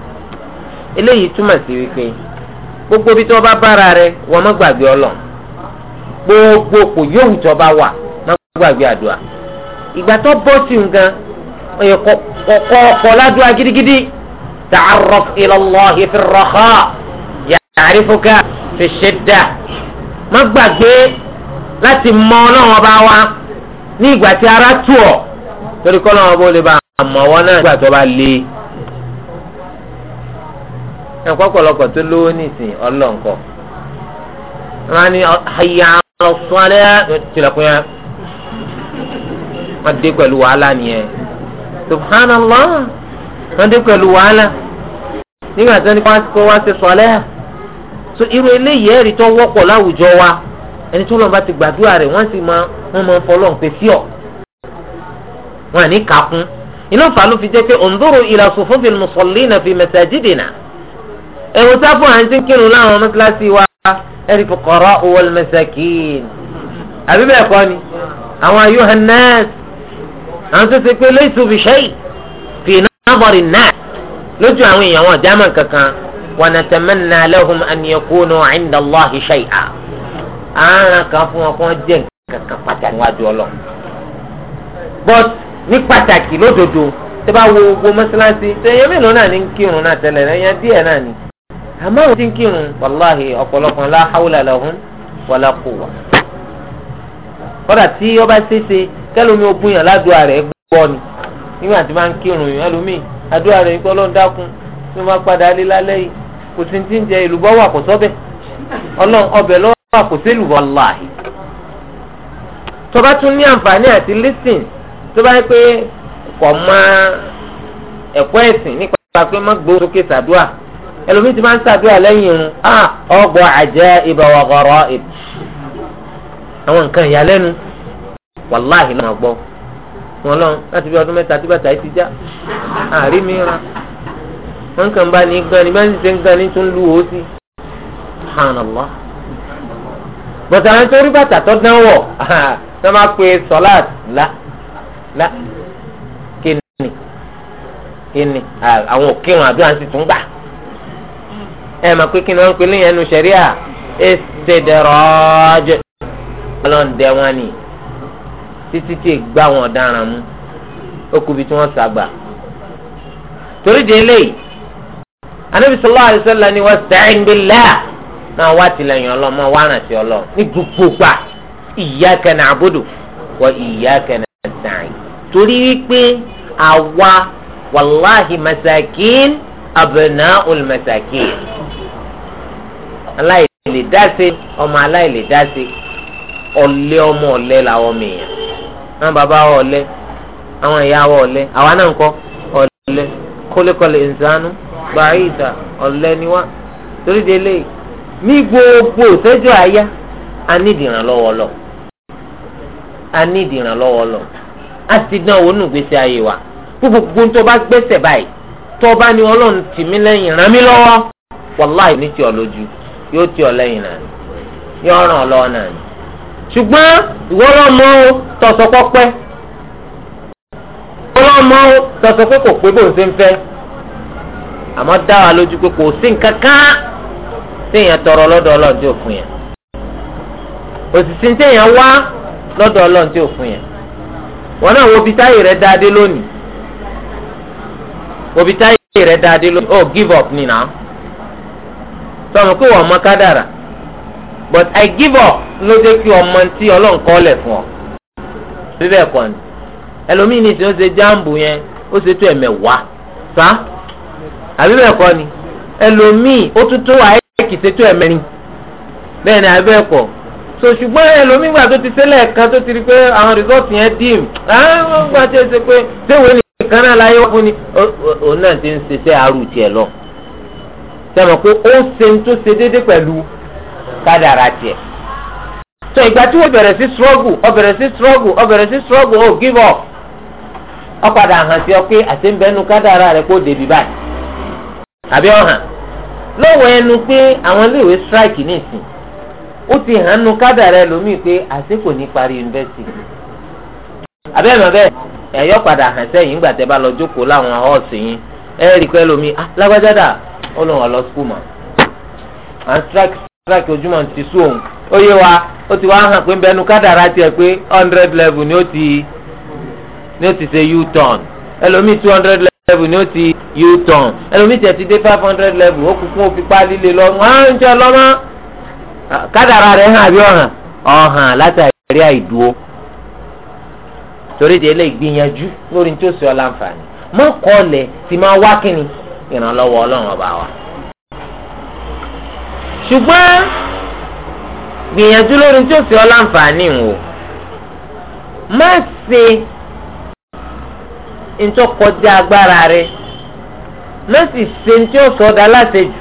eléyìí túmọ̀ sí wípé gbogbo ibi tí wọ́n bá bára rẹ wọ́n má gbàgbé ọlọ́run gbogbo kò yóò ń jọba wà má gbàgbé àdúrà ìgbà tó bọ́ sí nǹkan ọ̀yẹ̀ kọ̀ọ̀kọ̀ ọ̀kọ̀ ládùúgbà gidigidi ta'arraf ila Allahi fi raha ya'rifuka fi shidda má gbàgbé láti mọ ọlọ́wọ́n bá wa ní ìgbà tí ara tù ọ́ torí kọ́ lọ́wọ́ bó lè bá àmọ́ wọn náà nígbà tó bá le ẹ̀kọ́ pọ̀lọpọ̀ tó lówó nísìnyí ọlọ́nkọ́ wọn á ní hayya ọ̀sọ́lẹ́ tilẹ̀kùn yẹn wọ́n dé pẹ̀lú wàhálà nìyẹn subhanallah wọ́n dé pẹ̀lú wàhálà nígbà tí wọ́n kọ́ wá sí sọ́lẹ́ so irú eléyìí ẹ̀rí tó wọ́pọ̀ láwùjọ wa ẹni tó lọ́n bá ti gbàdúrà rẹ̀ wọ́n sì máa wọ́n máa fọlọ́ pé fíọ̀ wọn à ní kàkún iná fà ló fi jẹ́ pé òǹdóró ìlà sòfófin mùsùlùmí nà fi mẹ̀sàgídìnà ẹ̀wọ̀n sáfù à ń ti kírun láwọn mọ́tíláṣí ẹ̀rí fòkọ̀rọ̀ wal masakin àbí bẹ́ẹ̀ kọ́ ni àwọn ayuhan nas àwọn tó ti pé laysu bi shay fi nadari nas lójú àwọn èèyàn wọn dáàmà kankan wa natamanna lahum an yakunu 'inda Allahi shay'a àárán kan fún wọn kó wọn jẹ́ kankan pàtàkì níwájú ọlọ but ní pàtàkì lódodo tí bá wo gbogbo mọ́sálásí tẹ̀yẹ́ náà ní kírun náà tẹ́lẹ̀ ẹ̀yẹ́ díẹ̀ náà ni àmọ́ àwọn tí ń kírun wàláhì ọ̀pọ̀lọpọ̀ la hawla lahum wala quwwa. kódà tí ó bá ṣeéṣe kẹlòmí ogun yàn ládùúgbò rẹ̀ gbọ́ ni nígbà tí máa ń kírun yàn ẹlòmí àdúrà rẹ̀ ikọ́ lọ́n dákun tí wọ́n bá padà lé lálẹ́ yìí kò sí ti ń jẹ ìlúbọ́ wà kò sọ́bẹ̀ ọlọ́run ọbẹ̀ lọ́wọ́ kò sí ìlúbọ́ láàyè. tó bá tún ní àǹfààní àti lísìn tó bá pé kò máa ẹ̀kọ́ ẹ̀sìn nípa pé má gbó sókè sàdúà ẹlòmíì ti máa ń ṣàdúrà lẹ́yìn irun ah ọgbọ́ àjẹ́ ìbọ̀wọ̀ ọ̀rọ̀ ìbù àwọn nǹkan ìyàlẹ́nu wàláhì lọ́nà gbọ́ wọn lọ láti bí ọdún mẹ́ta tí bàtà yìí ti já àárín mìíràn wọn kàn bá ní gan ni bá ń ṣe ń gan ni tún lù ó sí subhanallah bọ̀tà àwọn tó rí bàtà tó dán wọ̀ ṣé <laughs> máa pe sọ́láàt la la kí ni kí ni àwọn òkè wọn àbí wọn ti tún gbà ẹ mà pé kí ni wọ́n ń pè léyìn ẹnu sẹ̀ríà istidraj ọlọ́run dẹ wọn ni títí tí gbá wọn ọ̀daràn mú ó kú bí tí wọ́n sàgbà torí de eléyìí anabi sallallahu alaihi wasallam ni wasta'in billah náà wá tilẹ̀yìn ọlọ́run máa wá rántí ọlọ́run ní gbogbo gbà iyyaka na'budu wa iyyaka nasta'in torí wípé àwa wàláhi masakin abna'ul masakin. aláìlè dáṣe ọmọ aláìlè ọmọ ọ̀lẹ làwọn ọmọ èèyàn àwọn bàbá wa ọ̀lẹ àwọn ìyá wa ọ̀lẹ àwa náà ń kọ́ ọ̀lẹ kólékọlẹ̀ gbàrí ìta ni torí délé ní gbogbo òṣèjọ àyà a nídìí lọ a nídìí lọ a ti dán owó nù gbèsè ayé wa gbogbo tó bá yóò tì ọ lẹ́yìn náà yóò ràn ọ lọ́wọ́ náà ni ṣùgbọ́n ìwọ lọ́mọ o tọ̀sọ̀kọ́ pẹ́ ìwọ lọ́mọ o tọ̀sọ̀kọ́ kò pé bó ṣe ń fẹ́ àmọ́ dá wa lójú pé kò sí nǹkan téèyàn tọrọ lọ́dọ̀ ọlọ́run tí ò fún yẹn òsìsì téèyàn wá lọ́dọ̀ ọlọ́run tí ò fún yẹn wọn náà wo bitáyì rẹ dáadé lónìí wo bitáyì rẹ dáadé lónìí oh give up nìyà. sọ̀rọ̀ pé wọ́n mọ kádàrà but I give up ló dé kí ọmọ tí ọlọ́run kọ́ lẹ̀ fún ọ. bíbẹ̀ kọ́ ni ẹlòmíì ní ìsìn ó ṣe jáàmbù yẹn ó ṣe tó ẹ̀mẹ̀wá sá àbí bẹ́ẹ̀ kọ́ ni ẹlòmíì ó tún tó àyẹ̀kì ṣe tó ẹ̀mẹrin bẹ́ẹ̀ ni àbí bẹ́ẹ̀ kọ́ so ṣùgbọ́n ẹlòmíì gbà tó ti ṣẹlẹ̀ kan tó ti rí pé àwọn rìsọ́ọ̀tì yẹn dìm àwọn gbà tó ṣe pé déwèé nìkan náà láyé wọ́n fún ni òun náà ti ń ṣiṣẹ́ àrùtì ẹ̀ lọ. sẹ́wọ̀n pé ó ṣe tó se déédéé pẹ̀lú kádàrà tiẹ̀. sọ ìgbà tí wọ́n bẹ̀rẹ̀ sí struggle ọ bẹ̀rẹ̀ sí struggle ọ give up ọ padà hàn sí ọ pé àtẹnbẹ́nu kádàrà rẹ kó débi báyìí àbí ọ̀hàn lọ́wọ́ ẹnu pé àwọn iléèwé strike nìsín ó ti hàn nu pé àṣẹ kò ní parí ẹ̀yọ́ padà hàn sẹ́yìn ìgbà bá lọ jókòó láwọn ẹ̀ẹ́rì pẹ́ lómi ah ó lò wọn lọ skul mọ́ and strike strike ojúmọ̀ ti sú òun ó yé wa ó ti wá hàn pé bẹnu kádàrá tiẹ̀ pé hundred level ni ó ti ni ó ti ṣe u-turn ẹlòmíì two hundred level ni ó ti u-turn ẹlòmíì tiẹ̀ ti dé five hundred level ó kúkú ó fi páálí lé lọ wọ́n ń jọ lọ́mọ́ kádàrá rẹ̀ hàn àbí ọ̀hàn ọ̀hàn látàrí àìdúró torí de eléyìí gbìyànjú lórí ní tó ṣe ọ́ láǹfààní mọ́kànlẹ̀ ti máa wá kínni ìrànlọ́wọ́ ọlọ́run ọba wa. ṣùgbọ́n gbìyànjú lórí tí ó sì ọ́ láǹfààní o má ṣe ntọ́kọjá agbára rẹ má sì ṣe tí ó sọ̀dá látẹ̀jù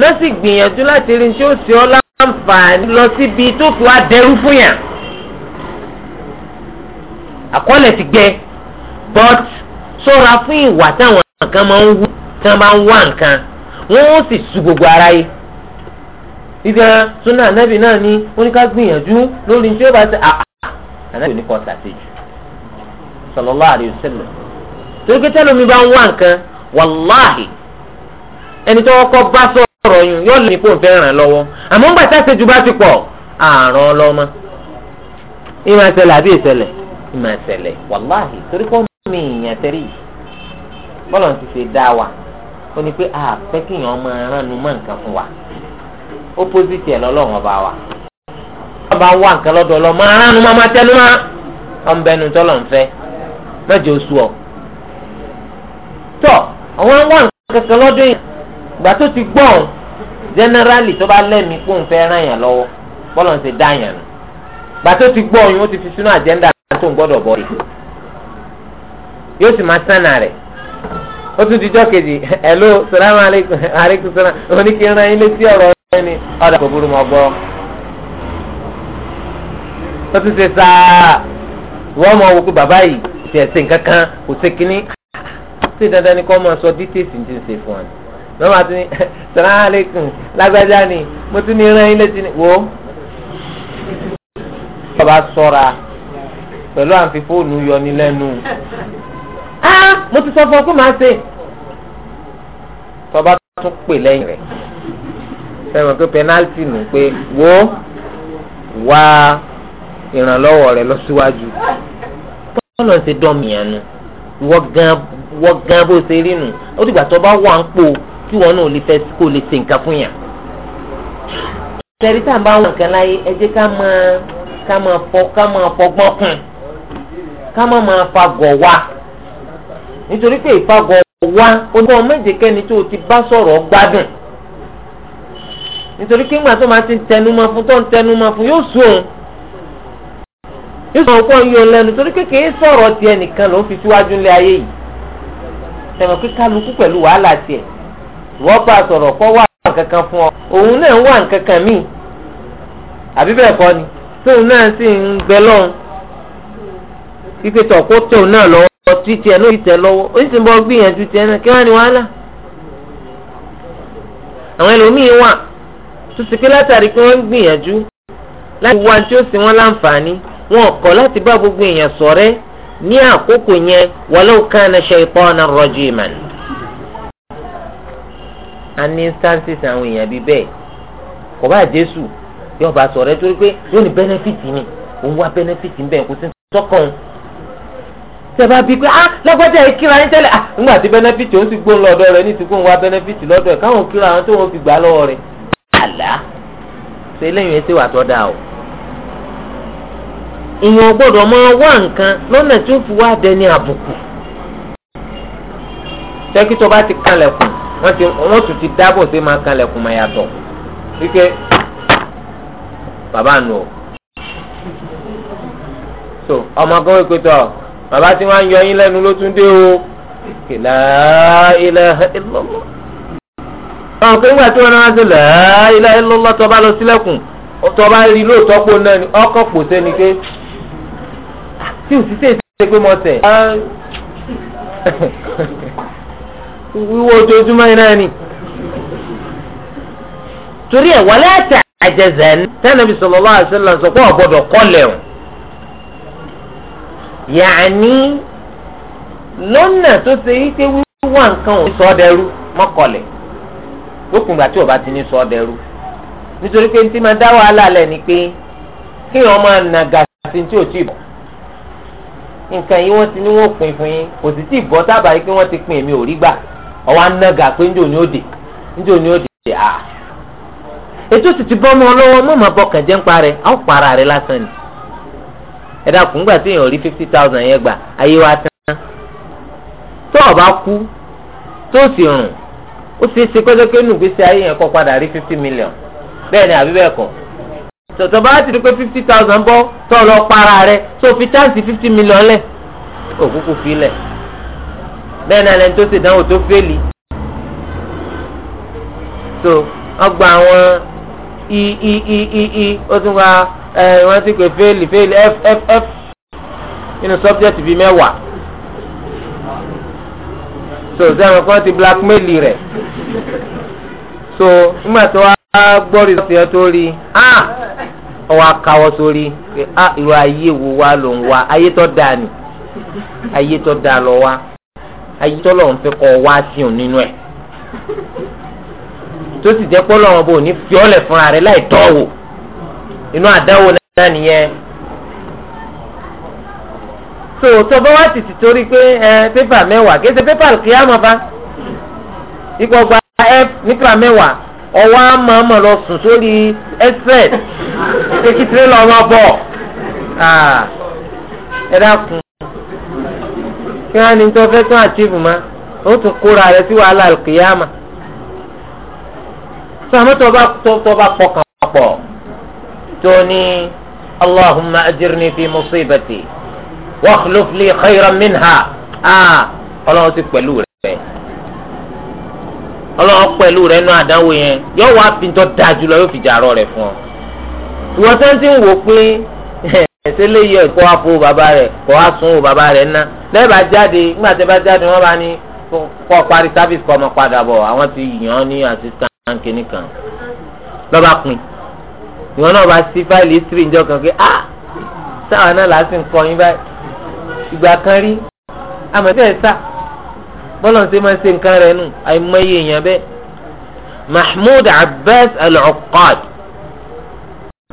má sì gbìyànjú láti rí tí ó sì ọ́ láǹfààní lọ síbi tó fi wá dẹrú fún yàn àkọọ́lẹ̀ ti gbẹ but sọ́ra fún ìwà táwọn nǹkan máa ń wú tí wọ́n bá ń wá nǹkan wọ́n ó sì su gbogbo ara yìí ìgbà súnà anábì náà ni oníká gbìyànjú lórí tí ó bá ṣe àà anábì oníkọ ṣàṣejù sallallahu alaihi wasallam torí pé tẹlómi bá ń wá nǹkan wàláhì ẹni tó kọ́ bá sọ̀rọ̀ yun yóò lè ní kó n fẹ́ ràn lọ́wọ́ àmọ́ ń gbà ṣàṣejù bá ti pọ̀ àrùn ọlọ́mọ ìmọ̀ ẹ̀sẹ̀lẹ̀ àbí ẹ̀sẹ̀lẹ̀ ìmọ̀ ẹ̀sẹ̀lẹ̀ wàláhì torí kọ́ mi ìyàn tẹ́rì yìí. bọ́lọ̀ ti daa wa ó ní pé a fẹ́ kí èèyàn mọ́ nǹkan fún wa opposite ẹ̀ lọ́lọ́run ọba wa wọ́n bá wá nǹkan lọ́dọ̀ ọlọ́ máa ránu máa máa tẹnu máa ọ̀n bẹnu tọ́lọ̀ ń fẹ́ mẹ́jọ oṣù ọ̀ tọ́ àwọn wá nǹkan lọ́dọ̀ ìgbà tó ti generally agenda tó ń gbọ́dọ̀ yóò sì ó tún dijọ́ kejì hello salamu aleykum aleykum salam oníkìrìnà yín létí ọ̀rọ̀ ẹni ọ̀dà kò burú mọ́ gbọ́. ó tún ṣe sáà wọ́n mọ̀ wọ́n pé bàbá yìí ti ẹ̀sìn kankan kò ṣe kínní. ṣé dandan ni kò máa sọ dítèsì ti ń ṣe fún wa ni. wọ́n máa tún ní salamu aleykum lágbájá ni mo tún ní rán yín létí ni wò ó. pẹ̀lú à fóònù yọ ní lẹ́nu ah mo ti sọ fún ọ pé màá ṣe tọba tún pè lẹ́yìn rẹ̀ fẹ́ràn pé pẹnáltì nù pé wo wá ìrànlọ́wọ́ rẹ̀ lọ síwájú tọ́lọ̀ ṣe dọ́mìyàn nu wọ́n gan bó ṣe rí nu ó dìgbà tó bá wà ń pò kí wọ́n náà lè fẹ́ kó lè ṣe nǹkan fún yàn. tẹ̀rítà bá wọn kan láyé ẹ jẹ́ ká máa ká máa fọgbọ́n kún ká máa máa fa gọ̀ wá nítorí pé ìfagbọ̀ wá onímọ̀ méje kẹ́ni tó o ti bá sọ̀rọ̀ gbádùn nítorí kí ńgbà tó máa ti tẹnumọ́ fún tó ń tẹnumọ́ fún yóò sùn òun yóò sọ̀rọ̀ pọ̀ yọ lẹ́nu torí pé kìí sọ̀rọ̀ tiẹ̀ nìkan ló fi síwájú lé ayé yìí tẹ̀mọ̀ pé kálukú pẹ̀lú wàhálà tiẹ̀ wọ́n bá a sọ̀rọ̀ kọ́ wà nǹkankan fún ọ òun náà wà nǹkankan míì àbí bẹ́ẹ̀ kọ́ ni tóun náà sì ń gbẹ lọ́hùn wípé tọ̀kọ́ tẹ̀ ọ́ náà lọ́wọ́ tí tiẹ̀ ló tẹ̀ lọ́wọ́ ó sì ń bọ́ gbìyànjú tiẹ̀ náà kí wọ́n ní wàhálà. àwọn ẹlòmíín wà tó sì pé látàrí pé wọ́n ń gbìyànjú láti wá tí ó sì wọ́n láǹfààní wọn kọ̀ láti bá gbogbo èèyàn ṣọ̀rẹ́ ní àkókò yẹn walau kana shaytanan rajiman. a ní instances àwọn èèyàn bíi bẹ́ẹ̀ kò bá Jésù yóò bá ṣọ̀rẹ́ torí pé yóò ní benefit ni òun wá benefit ń bẹ̀ kó sí tọkàn tẹ̀bá bíi pé ah lọ́gbọ́dọ̀ kíra yín tẹ́lẹ̀ ah nígbà tí bẹ́nẹ́fìtì ó lọ́dọ̀ ní wa bẹ́nẹ́fìtì lọ́dọ̀ ẹ̀ káwọn kíra àwọn tó wọn fi gbà lọ́wọ́ àlá ṣe eléyìí ti wà tọ́ da o. ìyẹn gbọ́dọ̀ máa wá nǹkan lọ́nà tí ó fi wá dẹni àbùkù. sẹ́kítọ̀ bá ti kalẹ̀kùn, wọ́n tún ti dábọ̀ sí máa máa yàtọ̀ bàbá nù so bàbá tí wọ́n á yọ yín lẹ́nu ló tún dé o la ilaha illallah. báwo pé tí wọ́n náà ṣe la ilaha illallah tó bá lọ sílẹ̀kùn tó bá rí lóòótọ́ pò náà ni ọkọ̀ pò sẹ́ni pé ah, tí ò sì é pé mo tẹ̀. wíwo ojoojúmọ́ ni. torí ẹ̀ wọlé àjẹsẹ̀ ní tẹ́lẹ̀ yàní lọ́nà tó ṣe yí pé wíwá nǹkan ò ní sọ ọ́ lókun ìgbà tí ò bá ti ní sọ nítorí pé tí máa dá wàhálà lẹ̀ ni pé kéèyàn máa nà gàtí tí ò tí ì bọ̀ nǹkan yìí wọ́n ti ní wọ́n pin fún yín kò sì tí ì bọ́ sábà yìí pé wọ́n ti pin èmi ò rí gbà pé ẹ dákun gbà tí èèyàn rí fifty thousand yẹn gbà ayé wa tán tó o bá kú tó sì rùn ó ṣeé ṣe kọ́jọ́kẹ́ nù gbèsè ayé yẹn kọ́ padà rí fifty million bẹ́ẹ̀ ni àbí bẹ́ẹ̀ kọ́ tọ̀tọ̀ bá ti di pé fifty thousand bọ́ tó o lọ para rẹ tó o fi chance fifty million lẹ̀ òkúkú fi lẹ̀ bẹ́ẹ̀ náà lẹ́ni tó ṣe ìdánwò tó fẹ́ẹ̀lì so ọgbà àwọn i i i i i ó tún wá ẹ wọ́n ti pè fẹ́ẹ̀lì fẹ́ẹ̀lì f f f nínú sọ́bjẹ́tì bíi mẹ́wàá so sẹ́wọ̀n kan ti blackmail rẹ̀ so nígbà tó wá gbọ́ rìsọ́ọ̀tì yẹn tó rí ah ọwọ́ akáwọ́ sórí pé ah irú ayé wo wá ló ń wá ayé tó dáa ni ayé tó dáa lọ wá ayé tó lọ́wọ́ ń fẹ́ kọ́ wá sí òun nínú ẹ̀ tó sì jẹ́ pé Ọlọ́run bò ní fiọ́lẹ̀ fúnra rẹ̀ láì tọ́ wò inú àdánwò náà nìyẹn so tó bá wá tìtì torí pé ẹ pépà mẹ́wàá kéde pépà kì í àmọ́ bá ipò gba f nípa mẹ́wàá ọwọ́ á máa mọ̀ lọ sùn sórí express pé kí tirẹ̀ lọ́ọ́ bọ̀ ẹ dákun kí wọ́n á ní tó fẹ́ tún àchíìfù mọ́ ó tún kóra rẹ̀ sí wàhálà kì í àmọ́ sọ àmọ́ tó bá pọ̀ kàn pọ̀. توني اللهم أجرني في مصيبتي واخلف لي خيرا منها آه الله تقبلوا ọlọ́wọ́ pẹ̀lú rẹ̀ nú àdánwò yẹn yóò wá pintọ́ da jùlọ yóò fi jàrọ̀ rẹ̀ fún ọ. ìwọ sẹ́ńtì ń wò pé ẹ̀sẹ̀ lè yẹ kó wá fún bàbá rẹ̀ kó wá sún bàbá rẹ̀ ná. lẹ́ẹ̀bà jáde nígbà tẹ́ bá jáde wọ́n bá ní kó parí sáfíìsì kọ́ ọmọ padà bọ̀ àwọn ti yàn án ní assistant kìnnìkan lọ́ba pin ìwọ náà bá sí fáìlì history ǹjọ́ kan pé ah sáwọn náà láti ń kọyìn báyìí ìgbà kan rí àmọ̀tẹ́ sá bọ́lọ̀ ṣe máa ń ṣe nǹkan rẹ̀ nù àìmọye èèyàn bẹ́ẹ̀ Mahmoud Abbas Al-Oqqad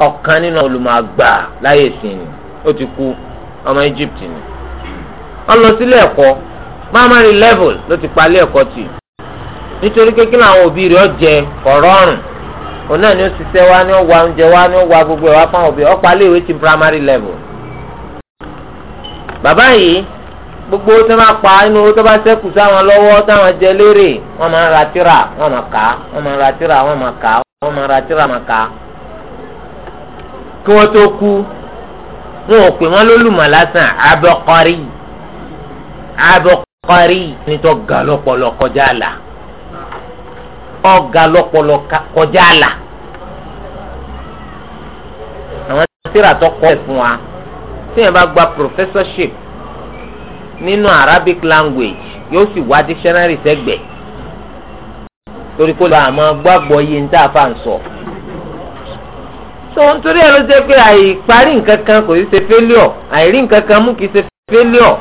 ọ̀kan nínú olùmọ̀gbà láyé ìsìn ó ti kú ọmọ Egypt ni wọ́n lọ sílé ẹ̀kọ́ primary level ló ti palẹ̀ ẹ̀kọ́ tì nítorí kékeré àwọn òbí rẹ̀ ọ̀jẹ̀ kọ̀rọ̀rùn òun náà ni ó ṣiṣẹ́ wá ní ó wá oúnjẹ wá ní ó wá gbogbo ẹ̀ wá fún àwọn ọ̀pá ti primary level. bàbá gbogbo tó máa pa inú tó bá ṣẹ́kù sáwọn lọ́wọ́ táwọn jẹ lérè wọ́n máa ń ra tíra wọ́n máa kà á wọ́n máa ń ra tíra wọ́n máa kà á wọ́n máa ń ra tíra máa kà á. kí wọ́n tó kú wọn ò pè wọ́n lólùmọ̀ lásán kọjá àlà. ọ̀gá lọ́pọlọ kọjá àlà àwọn tíra tó kọ́ ẹ̀ wa tí yẹn bá gba professorship nínú Arabic language yóò sì wá dictionary sẹ́gbẹ̀ẹ́ torí kó lọ́ọ́ àmọ́ gbàgbọ́ yìí ń tà fà ń sọ. tó ń torí ẹ ló jẹ́ pé àìparí nǹkan kan kò sí ṣe failure àìrí nǹkan kan mú kì í ṣe failure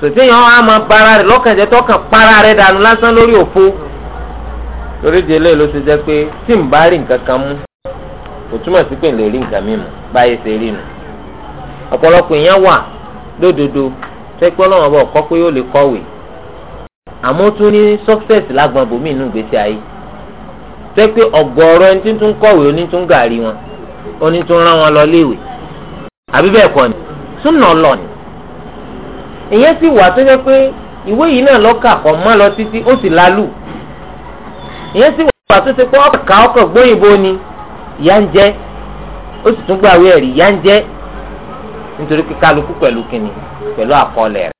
sòtẹ́yìn ọ̀hún á máa para rẹ̀ lọ́kàn jẹ́ tọ́kàn para rẹ̀ dànù lásán lórí òfo torí di eléyìí ló ti jẹ́ pé tí n bá rí nǹkan kan mú kò túmọ̀ sí pé n lè rí nǹkan mímu báyìí ṣe rí nu ọ̀pọ̀lọpọ̀ èèyàn wà lódodo tẹ́gbọ́n náà bọ̀ kọ́ pé ó lè kọ̀wé àmọ́ tún ní success lágbọn bòmí inú gbèsè ayé tẹ́ pé ọ̀gọ̀ọ̀rọ̀ ẹni tí ń tún kọ̀wé oní tún gàrí wọn oní tún rán wọn lọ léèwé àbí bẹ́ẹ̀ kọ́ ni súnà lọ ni èèyàn sì wà tó jẹ́ pé ìwé yìí náà lọ́kà kọ́ mọ́ lọ títí ó sì lálù ìyẹn sì wà tó ṣe pé ọkà ọkọ̀ gbóyìnbó ni ìyá ń jẹ́ ó sì tún gbàwé ẹ̀rí ìyá ń jẹ́ nítorí pé kálukú pẹ̀lú kìnnì pẹ̀lú àkọọ́lẹ̀ rẹ̀.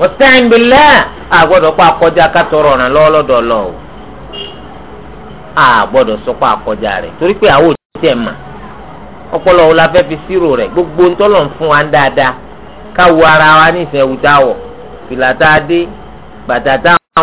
musta'in billah àgbọ̀dọ̀ pa akọjá kátọrọ ọ̀ràn lọ́wọ́lọ́dọ̀ lọ o àgbọ̀dọ̀ sọ pa rẹ̀ torí pé àwọn tẹ̀ mà ọpọlọ wo la gbogbo ntọ́lọ̀ ń fún wa ń dáadáa ara wa ní fìlà tá a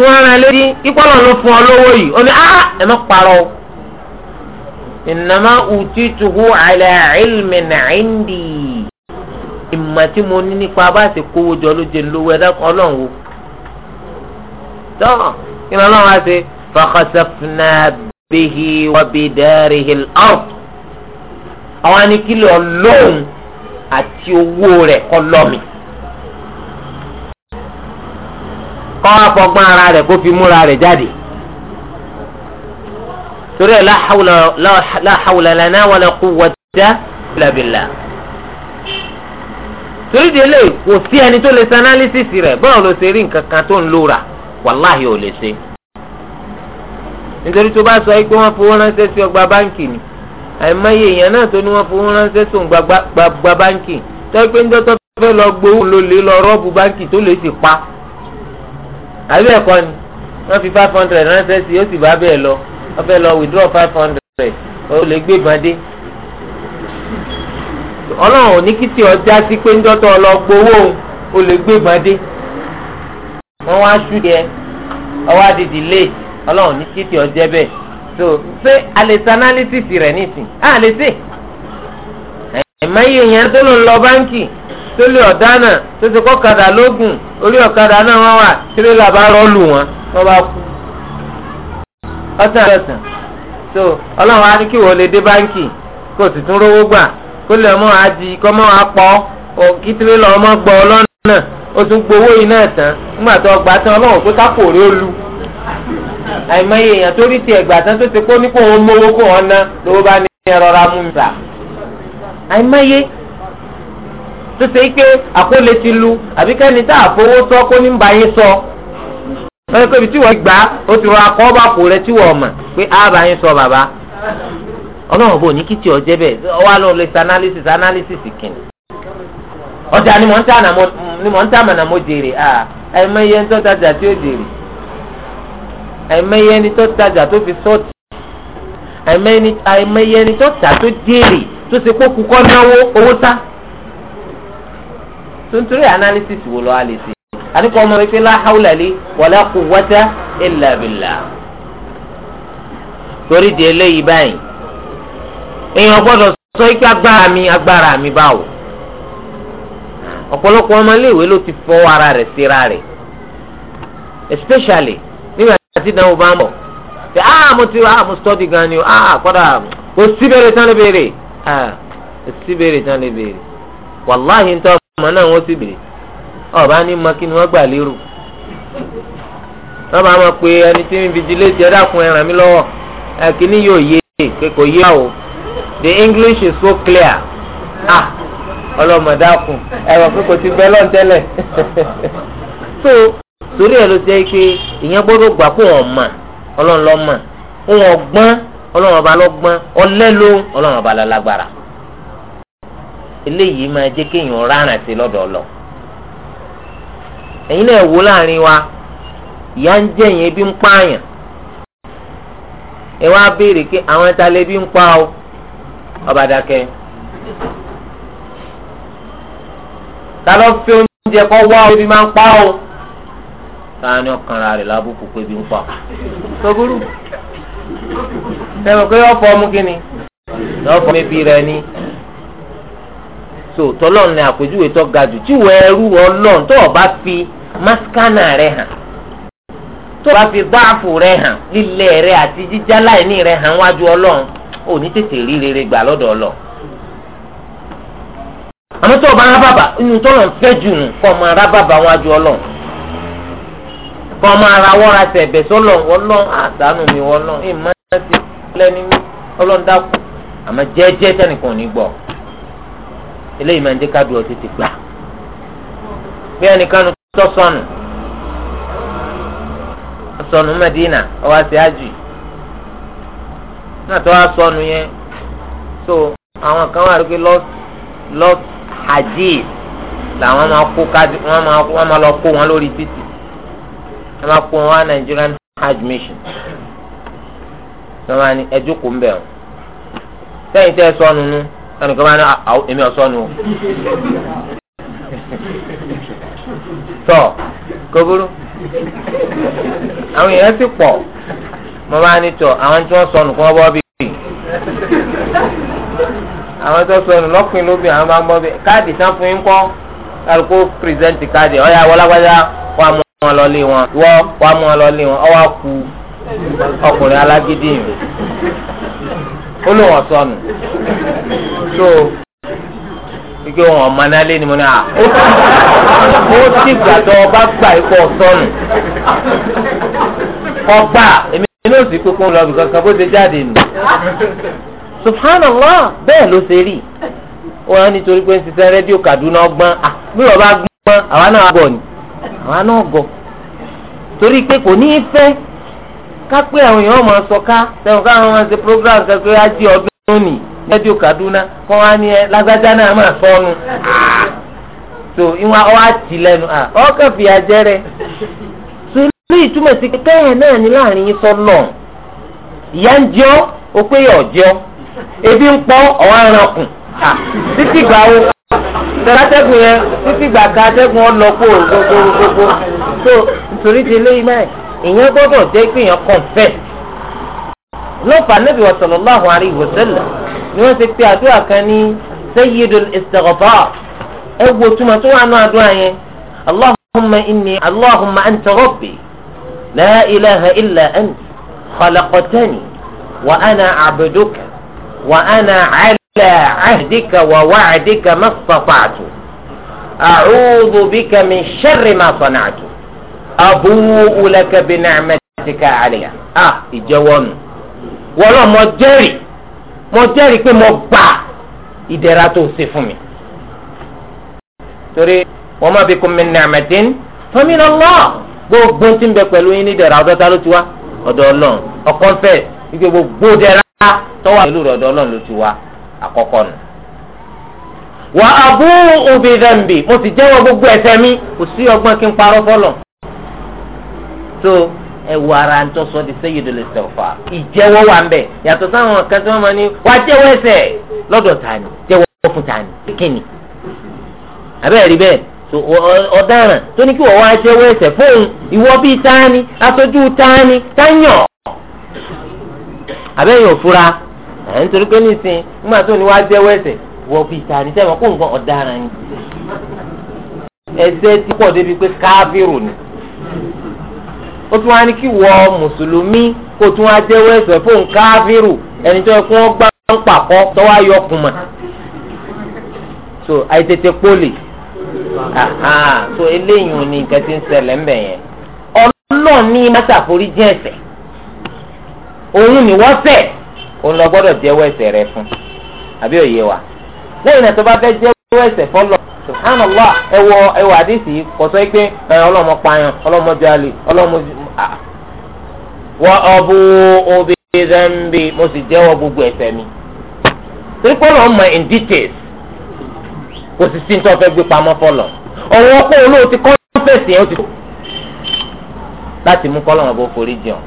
tí wọ́n rán létí ìpọlọ ló fún ọ lówó yìí ó ní á ẹ má parọ́ o ìnáma ùtí tuhu àlẹ ìlmi nàìndì ìmọ̀ tí mo ní nípa bá ti kówó jọ ló jẹ lówó ẹ̀dá ọlọ́run wò tọ́ kí ni ọlọ́run á ṣe fàkàṣẹ́fúnà bíhi wàbí dẹ́rìhì ọ̀f àwọn anìkílẹ̀ ọlọ́run àti owó rẹ̀ kọ́ lọ́mìí. kọ́ wá fọgbọ́n ara rẹ̀ kó fi múra rẹ̀ jáde torí ẹ̀ la hawla lana wala quwwata illa billah torí délé kò sí ẹni tó lè ṣe analysis rẹ̀ báwo ló ṣe rí nǹkan kan tó ń lò rà wàláhì ò lè ṣe nítorí tó bá sọ pé wọ́n fowó ránṣẹ́ sí ọgbà báǹkì ni àìmọye èèyàn náà tó ní wọ́n fowó ránṣẹ́ sí ọgbà báǹkì tó pé ń dọ́tọ́ fẹ́ lọ gbowó ló lè lọ rọ́ọ̀bù báǹkì tó lè sì pa àbí ẹ̀kọ́ ni wọ́n fi five hundred ránṣẹ́ sí i ó sì bá bẹ́ẹ̀ lọ wọ́n fẹ́ lọ withdraw five hundred ó lè gbé ìbàdí. ọlọ́run ò ní kí tí ọjà sí pé ń dọ́tọ̀ lọ gbowó ó lè gbé ìbàdí. wọ́n wá ṣú yẹ ọwọ́ àdìdì lè ọlọ́run ní kí tí ọjà bẹ́ẹ̀ so ṣé àlèsí analysis rẹ̀ nìsín àlèsí ẹ̀ẹ́mẹ́yẹ yẹn tó ló ń lọ báńkì. tólé ọ̀dánà tó ti kọ́ kadà lógún orí ọ̀kadà náà wọ́n wà tírélà bá rọ́ọ̀lù wọn wọ́n bá kú. ọ̀sán ọ̀sán so ọlọ́run á ní kí wọ́n lè dé báńkì kó sì tún rówó gbà kó lè ọmọ gbọ́ ọlọ́nà ó tún gbowó nígbà tó ọgbà tán pé kápò rí àìmọye èèyàn tó rí ti ẹ̀gbà tán tó ti kó ní kó mówó kó tó ṣe pé àkólé ti lu àbí kẹ́ni tá àfowó sọ kó ní bá yín sọ wọ́n ní pé ibi tí wọ́n gbà ó ti bá kó rẹ tí wọ́n mọ̀ pé á bá yín sọ bàbá ọlọ́run bò ní kí tí wá lọ lè ọjà ni mò ń tà mọ̀nà mo jèrè à ẹ̀mẹ́yẹ ń tọ́tajà tí ó jèrè ẹ̀mẹ́yẹ ni taja tó fi sọ́ọ̀tì ẹ̀mẹ́yẹ ni tọ́tà tó jèrè tó ṣe kó kúkọ́ náwó nítorí analysis wo lọ́wọ́ lè ṣe àdìkọ ọmọ wípé láhàúlà lé wàlá quwwata illa billah torí di eléyìí báyìí èèyàn gbọ́dọ̀ sọ ike agbára mi agbára mi báwo ọ̀pọ̀lọpọ̀ ọmọléèwé ló ti fọ́ ara rẹ̀ síra rẹ̀ especially nígbà tí ìdánwò bá ń bọ̀ ṣe ah mo ti ah mo study gan ni o ah kọ́dà kò sí tán lè béèrè ah kò tán lè béèrè wàláhì ọmọ náà wọ́n sì bèrè ọba ní mọ kí ni wọ́n gbà lérò wọ́n bá mọ̀ pé ẹni tí ń vigilate ẹ dákun ẹ ràn mí lọ́wọ́ ẹ yóò yé e, pé kò yé àwò the English is so clear ah ọlọ́mọdákun ẹ rọ̀ pé kò ti bẹ́ lọ́n tẹ́lẹ̀ <laughs> so torí ẹ ló ṣe é pé ìyẹn gbọ́dọ̀ gbà kó wọn mà ọlọ́run lọ́ mà wọn gbọ́n ọlọ́run ọba lọ́gbọ́n ọlẹ́ ló ọlọ́run ọba lọ́lágbára eléyìí máa jẹ́ kéèyàn rárá sí lọ́dọ̀ lọ. ẹ̀yin náà wò láàrin wa ìyá ń jẹ́ yẹn ebi ń pààyàn ẹ wá béèrè pé àwọn ẹ̀ta lè bí ń pa o ọba dákẹ́. ta ló fi oúnjẹ kọ́ wá o ebi máa ń pa o ta ọkàn rà rẹ̀ lábùkù pé ebi ń pa o. sọgúrú ẹ mọ̀ pé ọ̀fọ̀ ọmú kí ni ọ̀fọ̀ mi bí rẹ ni. so tọ́lọ́run ni àpèjúwe tó ga jù tí wọ́n ẹrú o bá fi máskánà rẹ hàn tó o bá fi báàfù rẹ hàn lílẹ̀ rẹ àti jíjá láìní rẹ hàn wájú ọlọ́run ò ní tètè rí rere gbà lọ́dọ̀ ọlọ́run àmọ́ tó o bá rábàbà inú tọ́lọ̀ ń fẹ́ jù nù kọ́ ọmọ rábàbà kọ́ ọmọ ara sọ́lọ̀ eléyìí máa ń jẹ́ kádùn ọtí ti gbà bí ẹnìkanu tó sọnù sọnù Mẹ́dínà ọwọ́ àti ájì náà tó wá sọnù yẹn so àwọn kan wà lókè lọ́t hadith làwọn máa kó káàdì wọn máa wọn máa lọ kó wọn lórí títì wọn máa kó wọn wá Nigerian hajj mission wọn máa ní ẹjọ́ kò ń bẹ̀ wọn sẹ́yìn tẹ́ sọnù nù ẹnì kan bá ní àwọn èmi ọ̀sọ́ nu. tọ́ kókóró àwọn èèyàn ti pọ̀ mo bá ní tọ́ àwọn tí wọ́n sọnù kí wọ́n bọ́ bí àwọn tó sọnù lọ́kùnrin ló bí àwọn bá ń bọ́ bí káàdì sàn fún yín kọ́ kálukó pírẹsẹ̀ntì káàdì ọ̀yà wọlágbájá wà mú wọn lọ lé wọn wọ́ wà mú wọn lọ lé wọn ọwọ́ ku ọkùnrin alágídí mi ó lóun ọ̀sọ́nù. o ike wọn ọmọ ni mo ní à ah, ti ọba gbà ikọ sọnù ọgbà èmi ní òsì kókó lọ nǹkan kan bó ṣe jáde nù subhanallah bẹ́ẹ̀ ló ṣe rí wọn nítorí pé ń ṣiṣẹ́ rédíò Kaduna ah, bí bá gbọ́n àwa náà gbọ́ ni àwa náà gọ̀ torí pé kò ní í fẹ́ ká pé àwọn èèyàn sọ rẹ́díò Kaduna kọ́ wa ni ẹ lágbájá náà máa sọnù so ìwọ̀n ọ àti lẹ́nu à ọkọ̀ fìyà jẹ́ so ilé ìtumọ̀ sí kẹ́hìn náà ni láàrin yín sọ́nà ìyá ń jẹ́ ọ́ pé yọ̀ jẹ́ ọ́ ebi ń pọ́ ọ̀wá ẹranko títí gbà wo tẹ̀látẹ́gùn yẹn títí gbà ká ọ lọ kó gbogbo gbogbo so nítorí ti lé ìyẹn pé ni wọ́n ti pe àdúrà kan ní sayyidul istighfar ẹ wo túmọ̀ tó wà nù àdúrà yẹn allahumma inni allahumma anta rabbi la ilaha illa anta kọlẹ́kọtẹ́nì wa á na abduka wa á na àìlẹ̀ àìdíkà wa wà àìdíkà ma istata'tu àrùbù bí kàmi ṣẹ́rì ma sana'tu àbúwò wùlẹ̀kẹ̀ bi ni'matika àlẹ́yà ah ìjẹ́wọ́nù wọ́n lọ́mọ jẹ́rìí. mo jẹ́rìí pé mo gbà ìdẹ̀ra tó ṣe fún mi. torí wa ma bikum min ni'matin famin Allah gbogbo tí ń bẹ pẹ̀lú yín ní ìdẹ̀ra ọ̀dọ̀ ta ló ti wá ọ̀dọ̀ ọlọ́run ọ̀kan fẹ́ wípé gbogbo dẹ̀ra tó wà pẹ̀lú ọ̀dọ̀ ọlọ́run ló ti wá àkọ́kọ́ nù. wa abu'u bi dhanbi mo sì jẹ́wọ́ gbogbo ẹ̀ṣẹ̀ mi kò sí ọgbọ́n kí n parọ́ fọ́lọ̀. so ẹ wo ara ń tọ́ sọ di sayyidul istighfar ìjẹ́wọ́ wà ń bẹ̀ yàtọ̀ sáwọn kan tí wọ́n máa ní wá jẹ́wọ́ ẹ̀ṣẹ̀ lọ́dọ̀ tani jẹ́wọ́ fún tani kíni àbẹ́ẹ̀ rí bẹ́ẹ̀ ọ̀daràn tó ní kí wọ́n wá jẹ́wọ́ ẹ̀ṣẹ̀ fóun ìwọ bíi tani aṣojú tani tányàn àbẹ́yìn òfura ẹ̀ ń torí pé nísìn nígbà tó ní wá jẹ́wọ́ ẹ̀ṣẹ̀ wọ́n bíi tani tẹ́wọ̀n kó nǹkan ọ̀daràn ni ẹ̀ṣẹ̀ ti pọ̀ débi pé káfíìrù ni. ó tún wá ní kí wọ mùsùlùmí kó tún wá jẹ́wọ́ ẹ̀ṣẹ̀ fóun káfíìrù ẹni tó yẹ kó wọ́n gbá ń pàkọ́ tó wá yọ kùmà so àìtètè pólì so eléyìí ò ní nǹkan tí ń ṣẹlẹ̀ ń bẹ̀ yẹn ọlọ́ọ̀ ní mọ́tàforí jẹ́ ẹ̀ṣẹ̀ òun ni wọ́n ṣẹ̀ òun lọ gbọ́dọ̀ jẹ́wọ́ ẹ̀ṣẹ̀ rẹ fún àbí òye wa lẹ́yìn náà tó bá fẹ́ jẹ́wọ́ ẹ̀ṣẹ̀ fọ́lọ́ subhanallah ẹ wọ ẹ wọ àdìsí kọ̀sọ́ pé ọlọ́mọ pààyàn ọlọ́mọ jalè ọlọ́mọ a wọ ọbú obi zambi mo sì jẹ́wọ́ gbogbo ẹ̀ṣẹ̀ mi torí pé ọ̀nà ọmọ in details kò sì sí nítorí fẹ́ gbé pamọ́ fọlọ̀ ọ̀rọ̀ ọ̀pọ̀ olóò ti kọ́ńfẹ̀sì yẹn ó ti tó láti mú kọ́lọ́mọ̀ bó forí jẹun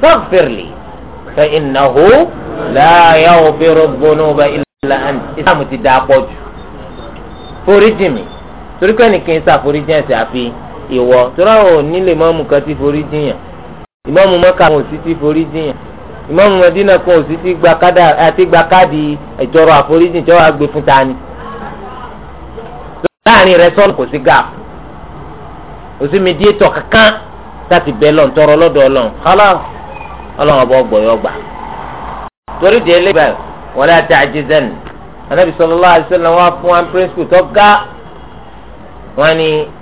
sọ́ọ̀fẹ̀rẹ̀lì fẹ́ ìnáwó láàyà òfin gbóná ọba ilà àǹtí ìsàmù ti dáa pọ̀ jù forí jì mí torí pé ẹnì kì í sàforí jẹ́ ẹ̀ṣẹ̀ àfi ìwọ tóra ò nílé mọ́mù kan ti forí jiyàn ìmọ̀mù mọ́kà kan ò sì ti forí jiyàn ìmọ̀mù mọ́dínà kan ò sì ti gba kádà àti gba káàdì ìtọrọ àforíjì tí wọ́n fún ta ni. láàrin rẹ sọ́nù kò sí gáàpù kò sí mídíétọ̀ kankan láti bẹ́ẹ̀ lọ́n tọrọ lọ́dọ̀ ọlọ́run kálá ọlọ́run ọba ọgbọ̀yọ̀ gbà. torí di ẹlẹ́gbẹ̀ wọlé àti àjẹsẹ́ni anábì sallallahu alaihi wasallam wá fún wa pírẹ́sìpù tó ga wọn ni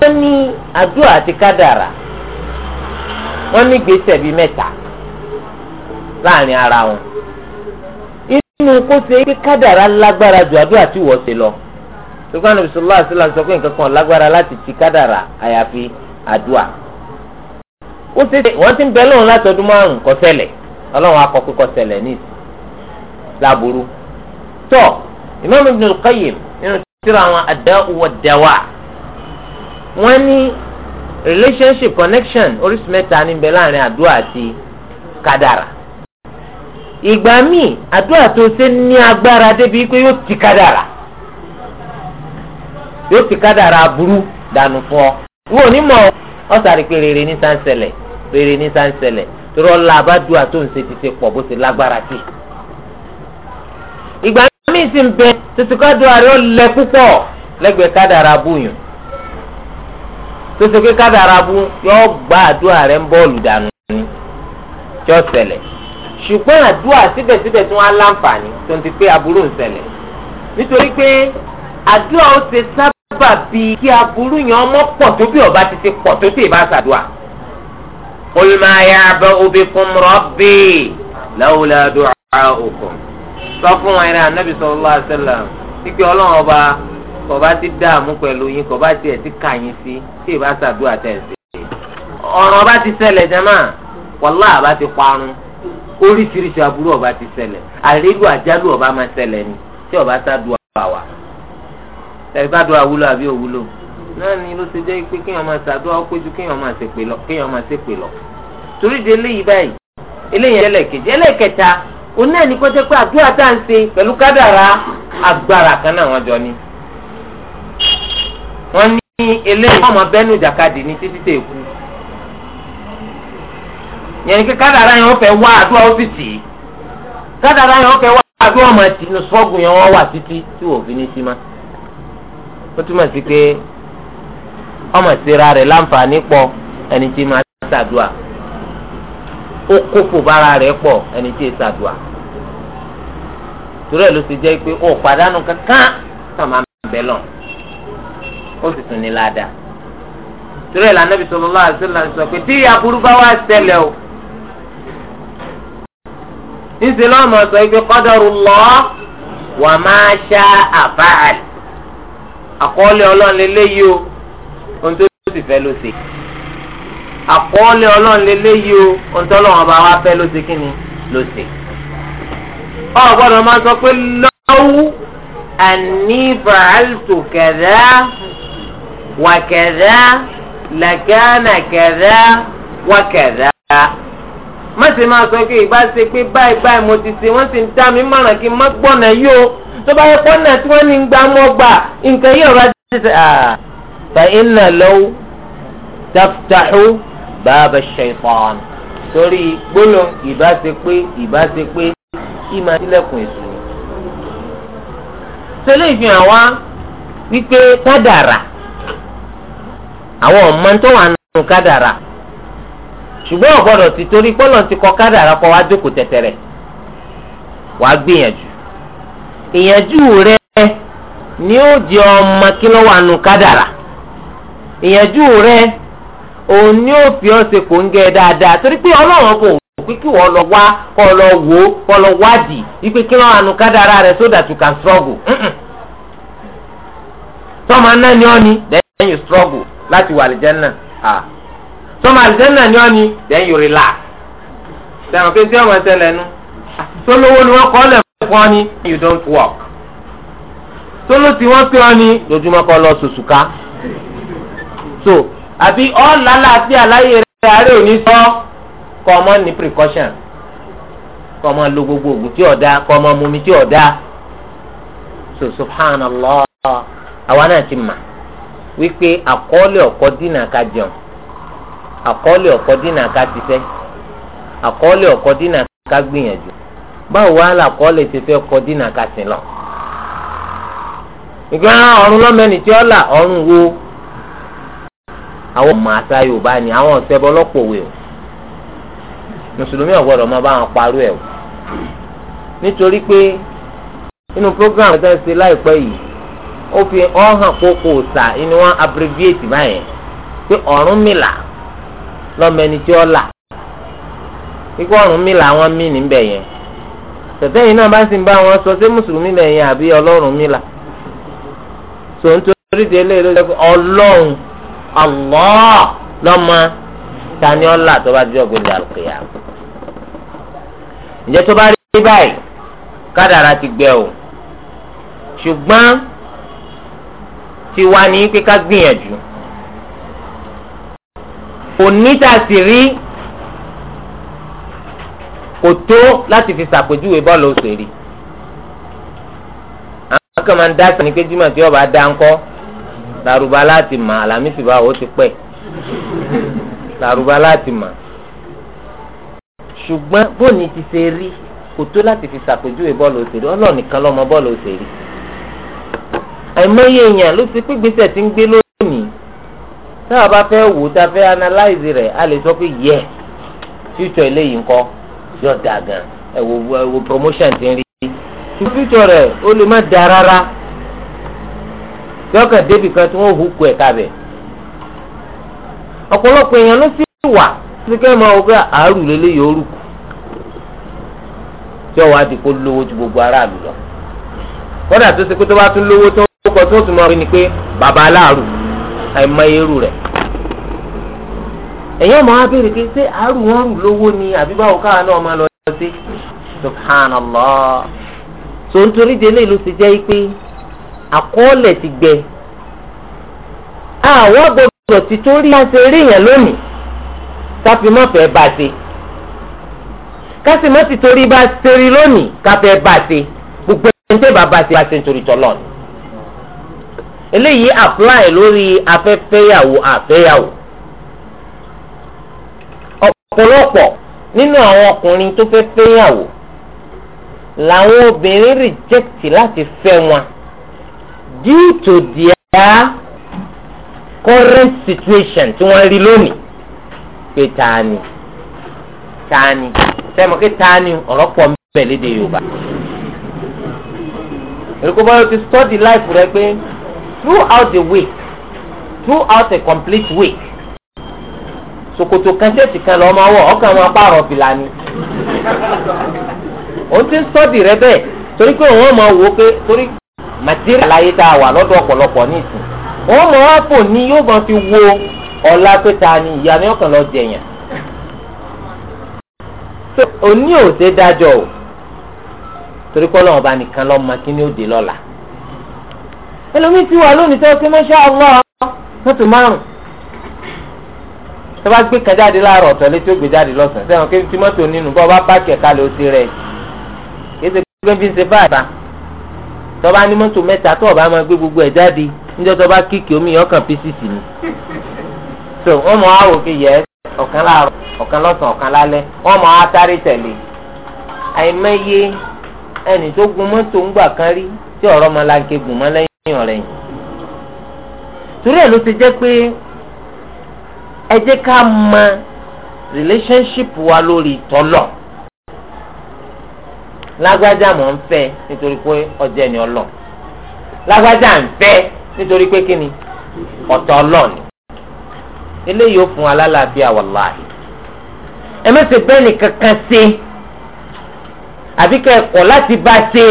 wọ́n ní àdúrà àti kádàrà wọ́n ní gbèsè bíi mẹ́ta láàrin ara wọn inú kó ṣe é pé kádàrà lágbára ju àdúrà tí wọ́n ṣe lọ sọ́kàn nàbì sọ́lá àṣìlá sọ pé nǹkan kan lágbára láti ti kádàrà àyàfi àdúrà ó ṣe é wọ́n ti ń bẹ lóhùn látọdún márùn-ún kò ṣẹlẹ̀ ọlọ́run akọ pé kò ṣẹlẹ̀ ní ìsìn láburú tọ́ Imam Ibn al-Qayyim nínú tírà àwọn ad-da'u wad-dawa' wọn ní relationship connection orísun mẹ́ta ní bẹ láàrin àdúrà àti kádàrà ìgbà míì àdúrà tó ṣe ní agbára débi pé yóò ti kádàrà yóò ti kádàrà aburú dànù fún ọ wọn ò ní mọ ọsàrí pé rere ní sáńsẹlẹ rere ní sáńsẹlẹ torí ọlá àbádùá tó ń ṣe ti ṣe pọ̀ bó ṣe lágbára sí i ìgbà míì sì ń bẹ tètè kádàrà ó lẹ púpọ̀ lẹ́gbẹ̀ẹ́ kádàrà abúyùn. tó ṣe pé kádàrá bú yọ gbá àdúrà rẹ ń bọ́ọ̀lù dànù ni tí ó ṣẹlẹ̀ ṣùgbọ́n àdúrà síbẹ̀síbẹ̀ tí wọ́n á láǹfààní tó ń ti pé aburú ń ṣẹlẹ̀ nítorí pé àdúrà ó ṣe sábà bí kí aburú yẹn ọmọ pọ̀ tó bí ọba ti ṣe pọ̀ tó sì bá ṣàdúrà. qul ma ya'ba'u bikum rabbi lawla du'a'ukum sọ fún wa ẹ̀rẹ́ ànábì sallallahu alaihi wasallam kọba ti dààmú pẹ̀lú yín kọba ti ẹ̀ ti kà yín sí tí ìbá ṣàdúrà tẹ̀sí. ọ̀rọ̀ ọba ti ṣẹlẹ̀ jama wàlá àbá ti parun oríṣiríṣi aburú ọba ti ṣẹlẹ̀ àrílù àjálù ọba máa ṣẹlẹ̀ ni tí ọba ṣàdúrà bá wa. ṣàdúrà wúlò àbí òwúlò náà ni ló ṣe jẹ́ pé kéèyàn máa ṣàdúrà ó péjú kéèyàn máa ṣèpè lọ kéèyàn máa ṣèpè lọ. torí de eléyìí báyìí eléyìí ẹlẹ́kejì ẹlẹ́kẹta onáà ní kó jẹ́ pé àdúrà tá náà wọ́n jọ wọ́n ní eléyìí ọmọ bẹ́nu ìjàkadì ní títí tẹ̀ kú yẹn kadara kí kádàrá yẹn wọ́n fẹ́ wá àdúrà ọ́fíìsì kádàrá yẹn wọ́n fẹ́ wá àdúrà ọmọ yẹn títí tí fi ní sí ma ó túmọ̀ sí pé ọmọ ìsira rẹ̀ láǹfààní pọ̀ ẹni tí ma ṣàdúà ó kófò bára rẹ̀ pọ̀ ẹni tí ṣàdúà torí ẹ̀ ló ti jẹ́ pé ó pàdánù kankan sàmà ó sì tún ní ládàá torí ẹ̀ lànà bisọ̀ lọ́wọ́ àṣìlá sọ pé tí aburú bá wá ṣẹlẹ̀ o níṣẹ́ lọ́mọ sọ ibi kọ́dọ̀rù lọ́ wà máa ṣá àbáàlì àkọọ́lẹ̀ ọlọ́run lélẹ́yìí o ohun tó sì fẹ́ ló ṣe àkọọ́lẹ̀ ọlọ́run lélẹ́yìí o ohun tó lọ́wọ́ bá wá fẹ́ ló ṣe kí ni ló ṣe. o gbọ́dọ̀ máa sọ pé lọ́wọ́ àní fàáltù kẹ̀dá wàkẹ̀dá lakana kẹ̀dá wàkẹ̀dá. má sì máa sọ pé ìbá ṣe pé báyìí báyìí mo ti ṣe wọ́n sì ń dá mi mọ̀ràn kí n má gbọ́nà yìí o tó bá yẹ pọ́nà tí wọ́n ní ń gbà mọ́ gbà nǹkan yìí ọ̀rọ̀ ajé ṣe à. fàyínà lọ́wọ́ taftahu bàbá ṣẹ̀fọ́n torí gbólóhùn ìbá ṣe pé ìbá ṣe pé ìmọ̀ sílẹ̀kùn èso. sọlẹ́ ìfihàn wa wípé kádàrà àwọn ọmọ tó wà nínú kádàrà ṣùgbọ́n ọ̀gbọ́dọ̀ ti torí pọ́lọ̀ ti kọ kádàrà kọ́ wá jókòó tẹ̀tẹ̀rẹ̀ wàá gbìyànjú ìyànjú rẹ ni ó jẹ ọmọ kí ló wà nínú kádàrà ìyànjú ni ó fi ọ́ ṣe dáadáa torí pé ọlọ́run kò pé kí wọ́n lọ wá kọ́ lọ wò ó kọ́ lọ so that you can struggle. láti wà àlìjẹ́nà à sọmọ àlìjẹ́nà ni wọ́n ni then you relax sẹ́wọ̀n pé tí ọmọ ẹsẹ̀lẹ̀ nu tólówó ni wọ́n kọ́ lẹ̀ fún ọ ni you don't work tóló tí wọ́n pè ọ ni lójúmọ́ kọ́ lọ sùsù ká so àbí ọ́ lálá sí àlàyé rẹ̀ àárẹ̀ òní sọ kọ́ ọmọ ní precaution kọ́ ọmọ lo gbogbo oògùn tí ọ̀dá kọ́ ọmọ mumi tí ọ̀dá so subhanallah àwa náà ti mà. wípé àkọọ́lẹ̀ ọ̀kọ́ dínà ká jẹun àkọọ́lẹ̀ ọ̀kọ́ dínà ká ṣiṣẹ́ àkọọ́lẹ̀ ọ̀kọ́ dínà ká gbìyànjú báwo wá làkọọ́lẹ̀ ti fẹ́ kọ dínà ká sìn lọ. ìgbà ọ̀run lọ́mẹ́ni tí ó là ọ̀run wo àwọn ọmọ àṣà yorùbá ni àwọn ọ̀sẹ̀ lọ́pọ̀ wẹ̀ o mùsùlùmí ọ̀gbọ́dọ̀ máa bá parú ẹ̀ o nítorí pé inú ó fi ọ̀hàn kókó òòsà ni wọ́n abbreviate báyẹn pé Ọ̀rúnmìlà lọ́mọ ẹni tí ó là ikú Ọ̀rúnmìlà wọn mí níbẹ̀ yẹn tẹ̀tẹ̀ yìí náà bá sì ń bá wọn sọ ṣé mùsùlùmí lẹ́yìn àbí Ọlọ́rúnmìlà tó ń torí di eléyìí ló sọ Ọlọ́run Allah lọ́mọ tani ọ̀là tó bá jọ gbẹdẹ àlùkìyà ǹjẹ́ tó bá rí báyìí kádàrá ti gbẹ o ṣùgbọ́n ti wá ní pé ká gbìyànjú òní tá a sì rí kò tó láti fi ṣàpèjúwe bọ́ọ̀lù òṣèré àwọn kan máa ń dá sani pé jimá tí ọba dá ńkọ́ làrúbá láti mà àlàmísì bá ó ti pẹ́ làrúbá láti mà ṣùgbọ́n bóòní ti ṣe rí kò tó láti fi ṣàpèjúwe bọ́ọ̀lù òṣèré ọlọ́ọ̀nìkan lọ́mọ bọ́ọ̀lù òṣèré. àìmọye èèyàn ló ti pígbésẹ̀ tí ń gbé lónìí tá a bá fẹ́ wò tá fẹ́ analyze rẹ̀ a lè sọ pé yẹ future eléyìí ńkọ́ dà gan ẹ promotion ti ń rí i future rẹ̀ ó lè má da rárá débì kan tí wọ́n hu ku bẹ̀ ọ̀pọ̀lọpọ̀ èèyàn ló sì wà máa wọ pé rù kù tí kó lówó orúkọ tó tún máa rí ni pé bàbá aláàrù àìmọ irú rẹ̀ èyí ọmọ wa béèrè pé ṣé àárù wọn rù lówó ni àbí báwo káwa náà máa lọ sí subhanallah so nítorí délé ló ti jẹ́ pé àkọọ́lẹ̀ ti gbẹ àwọn gbọdọ̀ ti torí láti rí yẹn lónìí káfí má fẹ́ bá ṣe kásì má ti torí bá ṣe rí lónìí káfẹ́ bá ṣe gbogbo ẹni tẹ́ bá bá ṣe bá ṣe nítorí tọ́lọ́ọ̀nù eléyìí apply lórí afẹ́fẹ́yàwó àfẹ́yàwó ọ̀pọ̀lọpọ̀ nínú àwọn ọkùnrin tó fẹ́ fẹ́yàwó làwọn obìnrin reject láti fẹ́ wọn due to their current situation tí wọ́n rí lónìí pé tani tani sẹ́mi pé tani ọ̀rọ̀ pọ̀ ń bẹ lédè Yorùbá èrè kó bá yọ ti study life rẹ pé throughout the week throughout a complete week ṣòkòtò kan ṣẹ́ẹ̀tì kan lọ́ọ́ máa wọ̀ ọkàn máa pààrọ̀ fìlà ni òun ti ń sọ́ọ̀dì rẹ bẹ́ẹ̀ torí pé òun máa wò ó pé torí màtírí àlàyé tá a wà lọ́dọ̀ ọ̀pọ̀lọpọ̀ ní ìsìn òun máa pò ní yóò gan fi wo ọ̀la pé ta ni ìyá ni ọkàn lọ jẹ̀yàn òní ò ṣe dájọ́ o torí pé ọlọ́run ọba nìkan lọ́ọ́ máa kí ni ó dé lọ́la. ẹlòmíì ti wà lónìí tó kí mọ́ṣá ọlọ́ọ̀ mọ́tò márùn. tó bá gbé kan jáde láàárọ̀ ọ̀tọ̀ létí ó gbé jáde lọ́sàn-án sẹ́wọ̀n kí tí nínú bọ́ bá pààkì ẹ̀ka lè ṣe rẹ̀ kéde gbé fi ṣe fáàbà ní gbogbo ẹ̀ jáde níjọ́ kíkì omi ọkàn si ni. so wọ́n mọ̀ á wò kí yẹ ọ̀kan láàárọ̀ ọ̀kan lọ́sàn-án ọ̀kan lálẹ́ wọ́n mọ̀ á tẹ̀lé ní ọ̀rẹ́ yìí torí ẹ̀ ló ti jẹ́ pé ẹ jẹ́ ká mọ relationship wa lórí tọ́lọ̀ lágbájá mò ń fẹ́ nítorí pé ọjọ́ ẹni ọlọ́ lágbájá ń fẹ́ nítorí pé kí ni ọ̀tọ̀ ọlọ́ọ̀ni eléyìí ó fún alálàáfíà wàláhì ẹ mẹ́sẹ̀ bẹ́ẹ̀ ni kankan ṣe àbí kẹ́ ẹ kọ̀ láti bá ṣe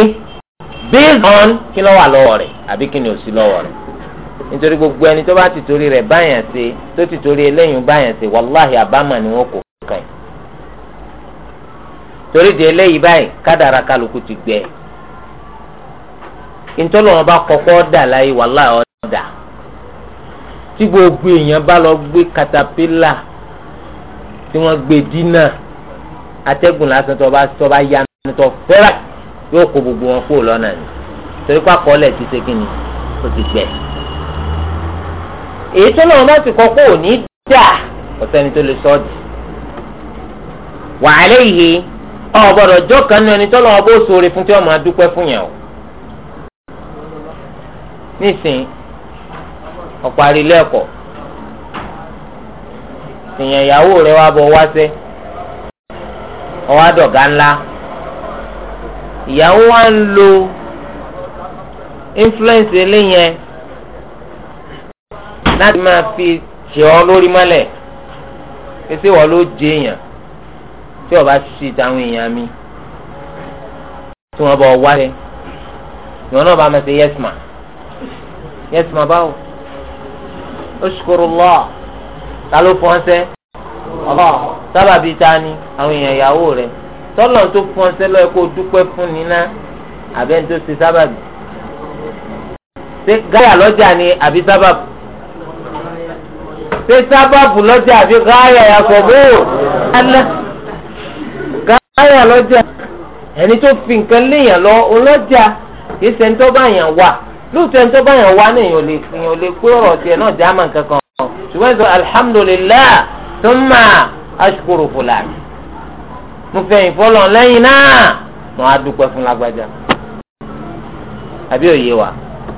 based on kí ló wà lọ́wọ́ rẹ̀. àbí kí ni ò lọ́wọ́ rẹ̀ nítorí gbogbo ẹni tó bá ti torí rẹ̀ báyàn ṣe tó ti torí eléyìí báyàn ṣe wàláhì ni wọn kò kàn yín torí di eléyìí báyìí kádàrá kálukú ti gbẹ ntọ́lọ́wọ́n bá kọ́kọ́ dà láyé wàláhì ọ̀dà tí gbogbo èèyàn bá lọ gbé katapila tí wọ́n gbé dínà atẹ́gùn lásán tó bá yá yóò kó gbogbo wọn torí pé àkọọ́lẹ̀ ti ṣe kí ni ó ti gbẹ. èyí tó lọ́wọ́ bá ti kọ́ pé òní dà ọ̀sẹ́ni tó lè sọ ọ́ dì. wàhálà yìí ọ̀gbọ́dọ̀ jọ́ kan ní ẹni tó lọ́wọ́ bó sóore fún tí wọ́n máa dúpẹ́ fún yẹn o. nísìnyí ọ̀pọ̀ àrílẹ̀ ẹ̀kọ́ ìyẹn ìyàwó rẹ̀ wá bọ̀ wá sẹ́ ọwọ́ àdọ̀gá ńlá ìyàwó wa ń lo. influence eléyẹn láti máa fi ṣe ọ lórí mọ́lẹ̀ pèsè wọ́n ló jẹ èèyàn tí ọba ṣe táwọn èèyàn mi tí wọ́n bọ̀ wá rẹ̀ ìwọ náà bá máa ṣe yes ma yes ma báwo oṣukurullah ta ló fọ́n sẹ́ ọba sábàbí ta ni àwọn èèyàn ìyàwó rẹ̀ tọ́lọ̀ tó fọ́n sẹ́ lọ́ọ́ kó dúpẹ́ fún ni ná àbẹ́ni tó ṣe sábàbí ṣé gáyà lọ́jà ni àbí sábàbù ṣé sábàbù lọ́jà àbí gáyà yàtọ̀ bóò alẹ́ gáyà lọ́jà ẹni tó fi nǹkan léèyàn lọ ọlọ́jà kìí ṣe ń tó bá yàn wà lóòótọ́ ẹni tó bá yàn wá ní èèyàn lè èèyàn lè pé ọ̀rọ̀ tiẹ̀ náà já mà kankan ṣùgbọ́n ìṣòro alhamdulillah thumma ashkuru fulan mo fẹ́ ìfọlọ́ lẹ́yìn náà mo á dúpẹ́ fún lágbájá àbí òye wa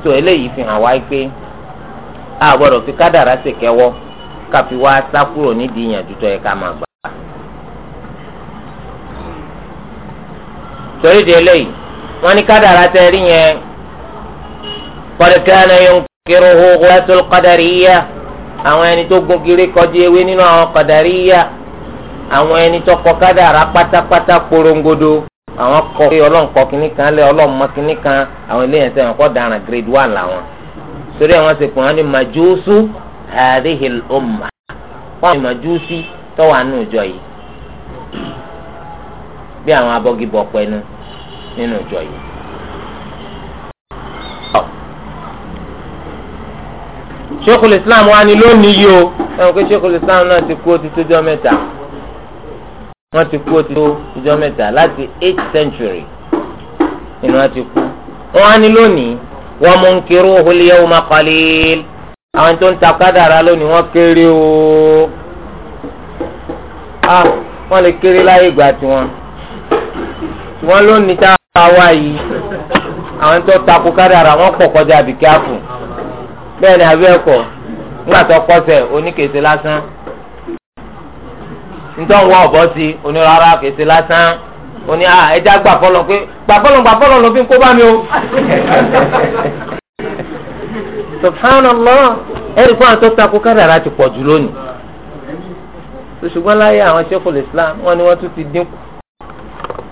so eléyìí fi hàn wá pé a gbọ́dọ̀ fi kádàrá ṣèkẹ́wọ́ ká fi wá sá kúrò nídìí ìyànjú tó yẹ ká máa gbà. torí di eléyìí wọ́n ní kádàrá tẹ́ rí yẹn qad kana yunkiruhu ghatul qadariyya àwọn ẹni tó gun kiri kọjú ewé nínú àwọn qadariyya àwọn ẹni tó kọ kádàrá pátápátá korongodo àwọn kọ pé ọlọ́run kọ kínní kan lé ọlọ́run mọ kínní kan àwọn ilé yẹn kọ́ grade one làwọn torí àwọn ṣe pọ̀ wọn ni majusu hadihil umma wọn ni majusi tọ́wọ́ àánú ìjọ yìí bí àwọn abọ́gibọ̀ pẹ̀nu nínú ìjọ Islam lónìí yìí o Islam náà ti kú ó wọ́n ti kú ó ti tó ìjọ mẹ́ta láti eight century nínú wọ́n ti kú. wọ́n á ní lónìí wa munkiruhu al-yawma qalil àwọn tó ń ta kádàrá lónìí wọ́n kéré o ah wọ́n lè kéré láyé ìgbà tiwọn wọ́n lónìí tá a wá yìí àwọn tó takò kádàrá wọ́n pọ̀ kọjá bìkẹ́ àpò bẹ́ẹ̀ ni àbí ẹ̀kọ́ ńgbà tó kọ́sẹ̀ oníkèsè lásán nítorí ọ̀bọ sí onírara kèsì lásán oní ẹja gbà fọlọ pé gbà fọlọ gbà fọlọ ló fi ń kó bá mi o. <laughs> subhanallah ẹ̀rí fún àtọ́ takò kádàrá ti pọ̀ jù lónìí. ṣùgbọ́n láyé àwọn Sheikhul Islam wọ́n ní wọ́n tún ti dínkù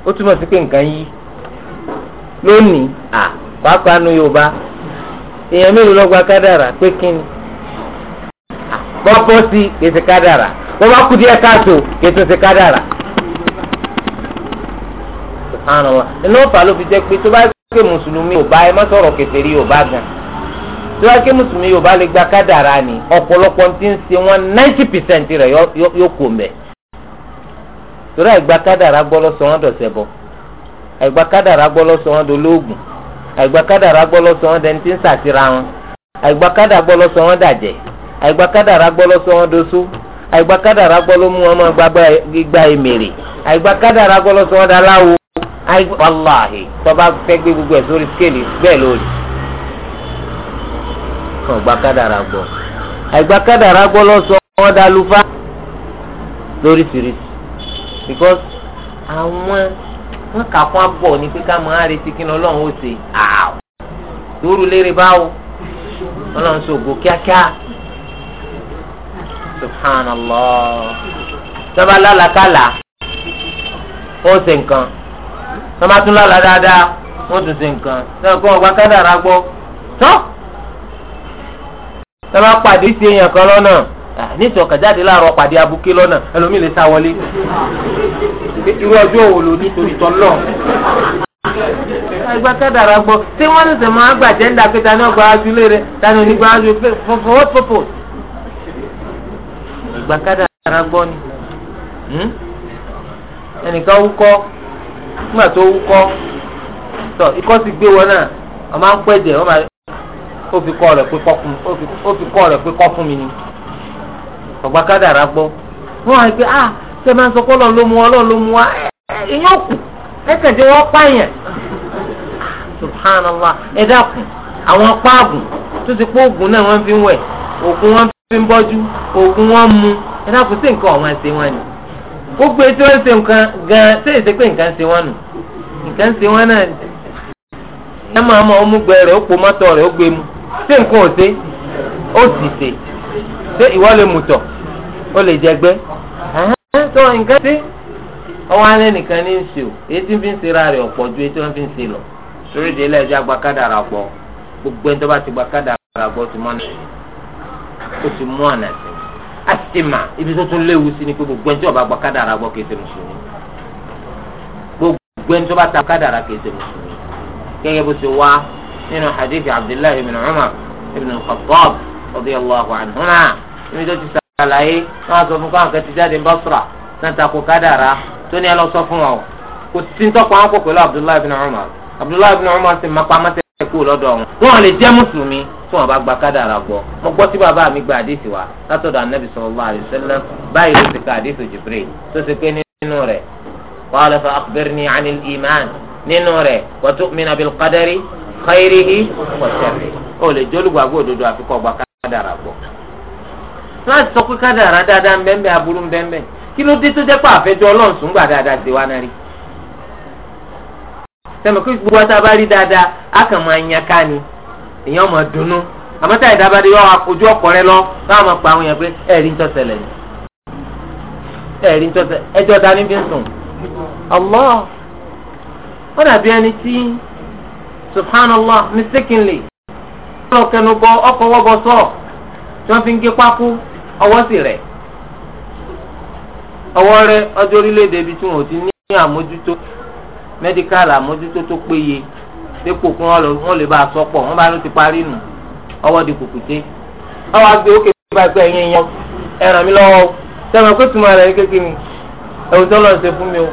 ó túmọ̀ sí pé nǹkan yí lónìí à pàápàá Yorùbá èèyàn mélòó ló kádàrá pé kíni bọ́pọ̀ sí kèsì kádàrà bọ́bá kú díẹ̀ káàtó kèsì kádàrà. iná ọ̀fà ló fi jẹ́ pé tó bá ké mùsùlùmí ò bá ẹ má sọ̀rọ̀ kèfèrí ò bá gan tó bá ké mùsùlùmí ò bá lè gba kádàrà ni ọ̀pọ̀lọpọ̀ ti ń ṣe wọn ninety percent rẹ̀ yóò kó mbẹ̀ torí àìgbà kádàrà gbọ́ lọ́sọ̀ wọn dọ̀sẹ̀ bọ̀ àìgbà kádàrà gbọ́ lọ́sọ̀ wọn dolóògùn àìgbà kádàrà gbọ́ lọ́sọ̀ wọn dẹni tí ń sàtìra wọn àìgbà kádàrà gbọ́ lọ́sọ̀ wọn dàjẹ́ àìgbà kádàrá gbọ́ ló sọ wọn doṣó àìgbà kádàrá gbọ́ ló mú wọn máa gba gbígba èmèrè àìgbà kádàrá gbọ́ ló sọ wọn daláwo wàláhì tọ́ba fẹ́ gbé gbogbo ẹ̀ sórí skéèlì bẹ́ẹ̀ lórí àìgbà kádàrá gbọ́ sọ wọn dalúfà lóríṣiríṣi because àwọn wọn kà fún abọ ní pé ká máa retí kí ni ọlọ́run ó ṣe àwọ̀ lóru lérè báwo ọlọ́run ṣògo kíákíá subhanallah sábà lálàkàlà ó ṣe nǹkan sábà tún lálà dáadáa wọ́n tún ṣe nǹkan sábà kó wọn gba kádàrá gbọ́ tán sábà pàdé sí èèyàn kan lọ́nà nítorí ọ̀kàjáde láàárọ̀ pàdé abuké lọ́nà ẹlòmíì lè sá wọlé irú ọjọ́ òwò lò nítorí tọ́lọ́ ẹgbẹ́ kádàrá gbọ́ tí wọ́n ṣẹ̀ṣẹ̀ máa gbàjẹ́ ń dàpẹ́ta ní ọgbà ájú lé tani onígbà ájú fọwọ́ fọ́fọ́ ìgbà kádàrá gbọ́ ni hmm? ẹnìkan wúkọ́ nígbà tó wúkọ́ tọ ikọ́ ti gbé wọn náà ọmọ à ń pẹ́ jẹ ọmọ ó fi kọ́ rẹ̀ pé kọ́ fún mi ni ọgbà kádàrá gbọ́ wọn wá pé ah ṣe máa ń sọ kọ́lọ̀ ló mu wa lọ́ọ̀ ló mu wa eh, eh, ìyẹn kù ẹ kẹ̀dé wọ́n pààyàn subhanallah ẹ dákun àwọn páàgùn tó ti pé oògùn náà wọ́n fi ń wẹ̀ oògùn wọn fi ń bọ́jú oògùn wọn mu ẹ kò sí nǹkan ọ̀wọ́n ṣe wọn ni gbogbo etí wọn ṣe nǹkan gan ṣé èsì pé nǹkan ṣe wọn nù nǹkan ṣe wọn náà ẹ máa mọ ọmúgbẹ rẹ ó rẹ ó gbé mu ṣé nǹkan ò ṣe ó sì ṣe ṣé ìwọ lè ó lè tó nǹkan ṣe ju wọn lọ sórí ìdílé ẹjọ́ pọ̀ gbogbo ẹni tó ó ti mú ọ̀nà sí mi a ti mà ibi tó tún léwu sí ni pé gbogbo ẹni tí ọba gba kádàrà gbọ́ kìí ṣe mùsùlùmí gbogbo ẹni tó bá ta kádàrà kìí ṣe mùsùlùmí gẹ́gẹ́ bó ṣe wá nínú hadithi abdullahi ibn umar ibn al-khattab radiyallahu anhuma ibi tó ti sàlàyé wọn sọ fún káwọn kẹtì jáde Basra náà takò kádàrà tó ní ẹ lọ sọ fún wọn o kò sí ń tọkọ àwọn kò abdullahi ibn umar abdullahi ibn umar ti máa pa ẹ kú lọ́dọ̀ wọn wọn lè jẹ́ mùsùlùmí tí wọn bá gba kádàrà gbọ́ mo gbọ́ tí bàbá mi gba àdìsí wa látọ̀dọ̀ anabi sallallahu alaihi wasallam báyìí ló ti ka àdìsí Jibril tó ṣe pé nínú rẹ̀ qala fa akhbirni anil iman nínú rẹ̀ wa tu'mina bil qadari khairihi wa sharrihi ó lè jólúgbàgbọ́ òdodo àfikọ́ gba kádàrà gbọ́ láti sọ pé kádàrà dáadáa ń bẹ́ẹ̀ bẹ́ẹ̀ aburú ń bẹ́ẹ̀ bẹ́ẹ̀ kí sẹ́mi kí gbogbo ata bá rí dáadáa á kàn máa yan ká ni èèyàn máa dunnú àmọ́ táyà dábàdé yọ àfojú ọkọ̀ rẹ lọ táwọn máa pa àwọn èèyàn pé ẹ̀rí ṣẹlẹ̀ ni ẹ̀rí ń tọ́ ṣẹlẹ̀ ẹjọ́ dání fi ń sùn Allah dàbí ẹni tí subhanallah mistakenly ọlọ́ kẹnu bọ ọkọ̀ sọ tí fi ń gé ọwọ́ sì rẹ̀ ọwọ́ rẹ ọjọ́ orílẹ̀-èdè ibi tí mẹdíkàlì àmójútó tó péye dépò kí wọn lè bá a sọ pọ̀ wọn bá ló ti parí nù ọwọ́ di kùkùté ọwọ́ àgbẹ̀ òkè tó bá gbẹ ẹ̀yìn yẹn ẹ ràn mí lọ́wọ́ sẹ́wọ̀n kó tuma rẹ̀ kékeré ni ẹ̀wù tó lọ ṣe fún mi o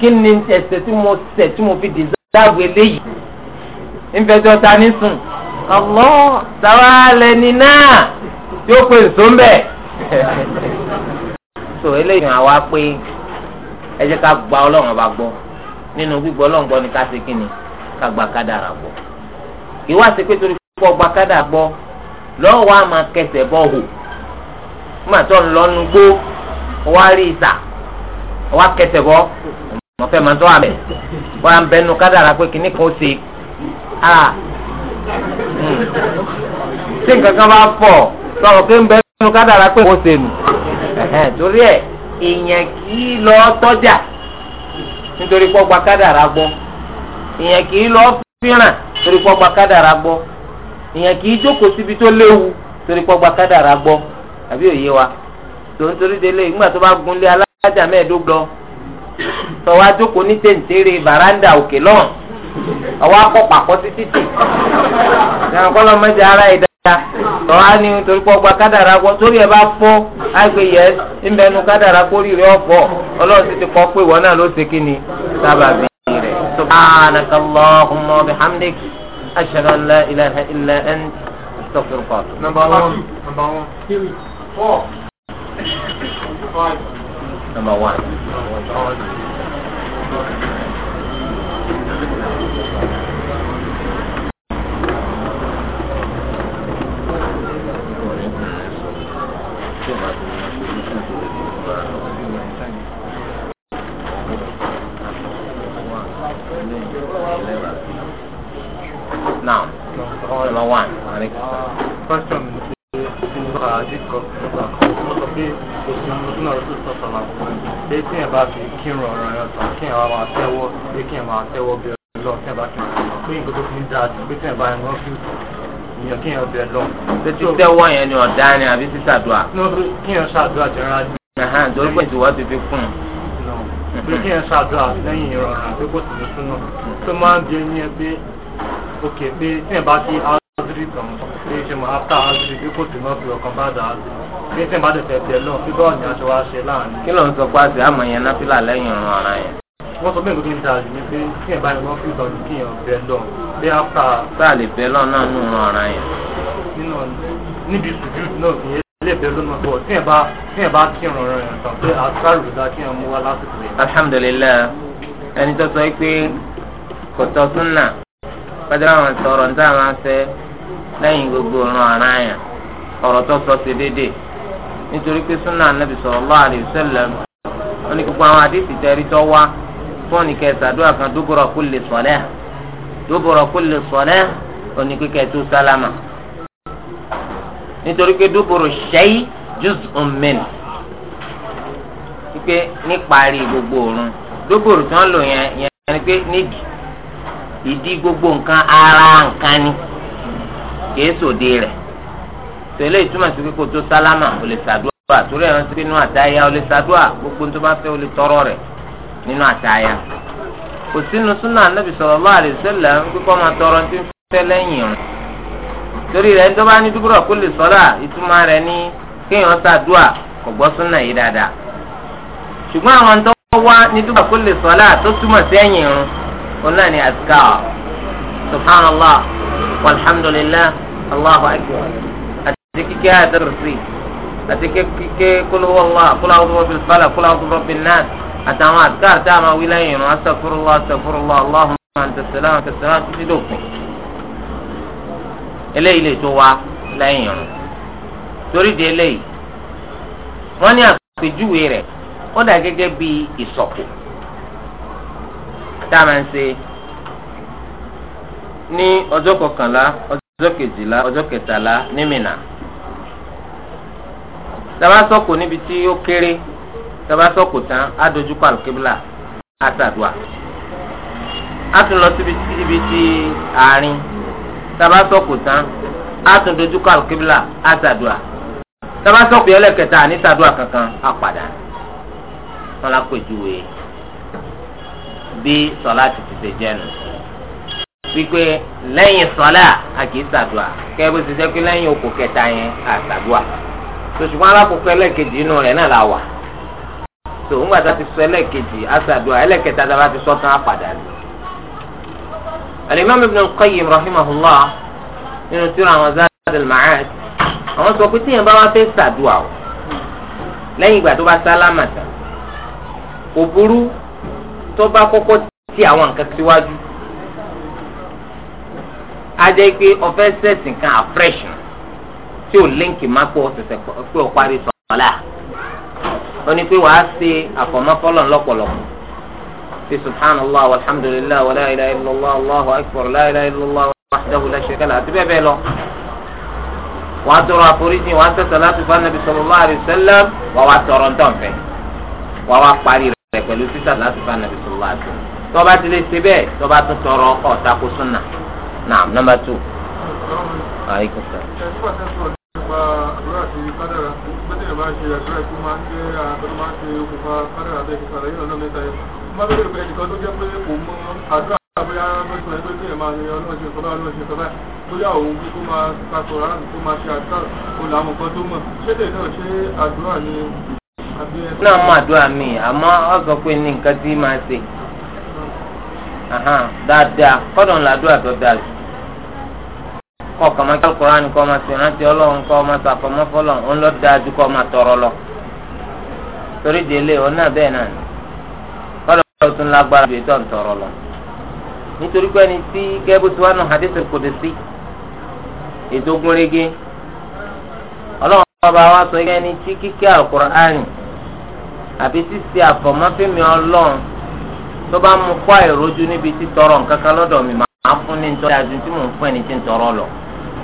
kí ni ẹsẹ̀ tí mo ṣẹ̀ tí mo fi dìsáàbù eléyìí nfẹsẹ̀ ọ̀tá ní sùn ọ̀lọ́ sáwá lẹni náà tí ó pè nsọ́ńbẹ̀ so eléyìí àwa pé ẹ jẹ́ ká gba ọlọ́run ọba gbọ́ nínú gbígbọ́ ọlọ́run gbọ́ ni ká ṣe kí ni ká gba kádàrà gbọ́ ìwà ṣe pé torí púpọ̀ gba kádàrà gbọ́ lọ́wọ́ wa máa kẹsẹ̀ bọ́ hù nígbà tó ń lọ́nu gbó wá rí ìta wá kẹsẹ̀ bọ́ mo fẹ́ máa tọ́ àbẹ̀ wá ń bẹnu kádàrà pé kíní kan ó ṣe hmm. tí nǹkan kan bá fọ̀ sọ̀rọ̀ pé ń bẹnu kádàrà pé kò ṣe nù torí ẹ̀ èèyàn kì í lọ tọ́jà nítorí pọ́ gba kádàrá gbọ́ èèyàn kì í lọ fíràn torí pọ́ gba kádàrá gbọ́ èèyàn kì í jókòó síbi tó léwu torí pọ́ gba kádàrá gbọ́ àbí òye wa tòun torí délé ìgbà tó bá gunlé alájà mẹ́ẹ̀ẹ́dógún lọ tọ́wọ́ ní téńtéré bàrándà òkè lọ́hùn ọwọ́ akọ́pọ̀ àkọ́ sí títì ìyàwó kọ́lọ́ mẹ́jẹ ara ìdá tọ́wá ní torí pọ́ gba kádàrá gbọ́ sórí ẹ̀ bá fọ́ àgbè yẹ ńbẹnu kádàrá kórì rẹ̀ ọ̀fọ́ ọlọ́run ti ti kọ́ pé ìwọ náà ló ṣe kí ni sábàbí rẹ̀. subhanaka allahumma wa bihamdik ashhadu an la ilaha illa number one number one. now number one. question First nípa àdìkọ nípa mo sọ pé òsì ọdún náà ló sọ sọlá fún mi pé kí ẹ bá fi kírun ọ̀rọ̀ ẹ̀ tán kí ẹ wá máa tẹ́wọ́ pé kí ẹ máa tẹ́wọ́ bí ọ̀rọ̀ ẹ̀ lọ kí ẹ bá kírun ọ̀rọ̀ pé nǹkan tó fi ń dáa jù pé kí èèyàn kéèyàn bẹ lọ. ṣé títẹ́wọ́ yẹn ni ọ̀dá ni àbí sísàdúà. kéèyàn ṣàdúà jẹ́ra bí. torí pé ìdíwọ́ ti fi kún un. pé kéèyàn ṣàdúà lẹ́yìn ìrọ̀rùn pé kò sì ní tó máa ń bí ẹni ẹ pé òkè pé tíyẹn bá ti azuri kan pé ṣe mọ after azuri pé kò sì fi ọkàn bá dà azuri pé tíyẹn bá tẹ̀ fẹ́ bẹ̀ lọ pé bọ́ọ̀ aṣọ wa ṣe láàrin. kí ló ń sọ pé àti àmọ̀ yẹn náfìlà lẹ́yìn ìrọ̀rùn ara yẹn wọ́n sọ bẹ́ẹ̀ ló kí n ta jù ní pé kí ẹ̀ bá yẹn lọ fún ìtọ́jú kí yẹn bẹ̀ lọ bí áfà. bá a lè bẹ lọ náà nù ọ̀ràn yẹn. nínú níbi sùjú náà kì í lè bẹ lọ́nà bọ̀ tí ẹ̀ bá tí ẹ̀ bá kí ọ̀ràn yẹn tàn pé àtàrò dá kí ẹ̀ ẹni tó sọ pé kò tọ́ súnà pẹ́tẹ́rẹ́ àwọn sọ̀rọ̀ ní táwọn máa ń fẹ́ lẹ́yìn gbogbo ọ̀ràn ọ̀ràn ọ̀rọ̀ tó sọ ṣe déédéé nítorí pé súnà anábì sallallahu alaihi wasallam ó ní gbogbo àwọn àdéhìí tẹ́rí tó wá sọ́ọ̀nì kẹsàdúrà kan dubura kulli salah dubura kulli salah oníkíkẹ́ tó salama nítorí pé duburu shay juz'un min wípé níparí gbogbo òrun duburu tí wọ́n lò yẹn yẹn ni pé nídìí ìdí gbogbo nǹkan ara nǹkan ni kìí sòde rẹ̀ tẹ̀lé ìtumọ̀ sí pé kó tó sálámà ó lè ṣàdúrà àtúrẹ̀ rántí pé inú àtayá ó lè ṣàdúrà gbogbo tó fẹ́ ó tọrọ rẹ̀ nínú àtàyà kò sínú súnà anábì sallallahu alaihi wasallam kíkọ́ máa tọrọ tí ń fẹ́ lẹ́yìn rẹ̀ torí rẹ̀ tó bá ní dúró kó lè sọ́ra ìtumọ̀ rẹ̀ ní kéèyàn ṣàdúà kò gbọ́ súnà yìí dáadáa ṣùgbọ́n àwọn tó wá ní dúró kó lè sọ́ra tó túmọ̀ sí ẹ̀yìn rún òun náà ni azkar subhanallah walhamdulillah allahu akbar àti kíkẹ́ àdúrà sí àti kíkẹ́ kúlúwọ́lá àtàwọn àdúrà tá a máa wí lẹ́yìn ìrún astaghfirullah astaghfirullah allahumma anta salam anta salam títí dòpin eléyìí lè tó wa lẹ́yìn ìrún torí di eléyìí wọ́n ní àpèjúwe rẹ̀ ó dà gẹ́gẹ́ bí ìsọ̀kù tá a máa ń ṣe ní ọjọ́ kọkànlá ọjọ́ kejìlá ọjọ́ kẹtàlá ní Mínà tá a bá sọ̀kù níbi tí ó kéré tọba sọkò tán á dojú kọ àlùkébílà á ṣàdúà á tún lọ síbi ibi tí àárín tọba sọkò tán á tún dojú kọ àlùkébílà á ṣàdúà tọba sọkò yẹn lẹ́kẹta àní ṣàdúà kankan á padà wọn la pèjúwe bí sọlá ti ti ṣe jẹnu wípé lẹ́yìn sọlá a kì í ṣàdúà kẹ́ ti jẹ́ lẹ́yìn òkò kẹta yẹn á ṣàdúà tòṣùpọ̀ alákòókò ẹlẹ́kejì inú rẹ̀ náà la wà tó ń gbàtà ti sọ ẹlẹ́ẹ̀kejì asàdùn ẹlẹ́ẹ̀kẹta tá a bá ti sọ tán á padà lọ. alimami ibn al-qayyim rahimahullah nínú tíra àwọn zaad al-ma'ad àwọn sọ pé tíyẹn bá wá fẹ́ sàdùà o lẹ́yìn ìgbà tó bá sálámà tán kò burú tó bá kọ́kọ́ ti àwọn nǹkan síwájú á jẹ́ pé ọ̀fẹ́ sẹ̀sìn kan àfẹ́ṣìn tí ò líǹkì má pé ọ̀sẹ̀sẹ̀ pé ọ̀parí sọ̀lá ó ní pé wàá ṣe àfọ̀mọ́ fọlọ́n lọ́pọ̀lọpọ̀ fi subhanallah walhamdulilah wa la ilaha illallah allahu akbar la ilaha illallah wahdahu la sharika lahu àti bẹ́ẹ̀ bẹ́ẹ̀ lọ. wàá tọrọ àforíjì wàá ṣe salatu fún anabi sallallahu alayhi wa sallam wàá wá tọrọ ntọ́nfẹ́ wàá wá parí rẹ̀ pẹ̀lú sí salatu fún anabi sallallahu alayhi wa sallam tọba ti lè ṣe bẹ́ẹ̀ tọba tún tọrọ ọta kó naam nọmba two bá ṣe àdúrà ikú máa ń jẹ́ àbẹ̀rẹ̀ máa ń ṣe okùnfà kádàrà abẹ́ ìfà náà ṣe àdúrà mi àmọ́ ọ pé ní nǹkan tí máa ṣe dáadáa kọ́dọ̀ ńlá àdúrà tó dáa jù kọ́ kàmá kí alukur'an kọ́ ma sè rántí ọlọ́run kọ́ ma sàfọmọ́ fọlọ́ ń lọ dájú kọ́ ma tọrọ lọ. torí délé òun náà bẹ́ẹ̀ náà kọ́lọ́ tún lágbára ju ètò ìtọrọ lọ. nítorí pé ẹni tí gẹ́gẹ́ bó ti wá nù hadithul qudsi ètò gúnrégé ọlọ́run ọba wa sọ yẹn ni tí kíkẹ́ alukur'an àbí ṣíṣe àfọmọ́fẹ́mi ọlọ́run tó bá mú kó àìrójú níbi títọrọ nǹkan kan lọ́dọ̀ mi máa fún ní nítorí àjùntí mò ń fún ẹni tí ń tọrọ lọ.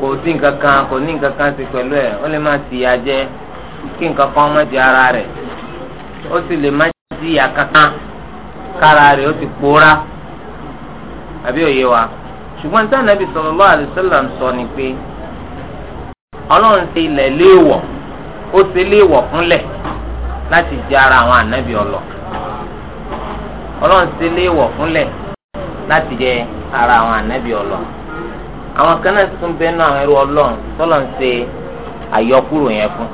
kò sí nǹkan kan kò ní nǹkan kan sí pẹ̀lú ẹ̀ ó lè má ya jẹ́ kí nǹkan kan má di ara rẹ̀ ó sì lè má di ìyá kankan kára rẹ̀ ó wa ṣùgbọ́n tí sọ ni pé ọlọ́run ṣe ilẹ̀ léèwọ̀ ó ṣe léèwọ̀ fúnlẹ̀ láti ara àwọn anabi ọlọ ọlọ́run ṣe léèwọ̀ fúnlẹ̀ láti jẹ ara àwọn anabi ọlọ. àwọn kan náà tún bẹ́ẹ̀ náà àwọn ẹrú ọlọ́run tọ́lọ̀ ń ṣe àyọkúrò yẹn fún.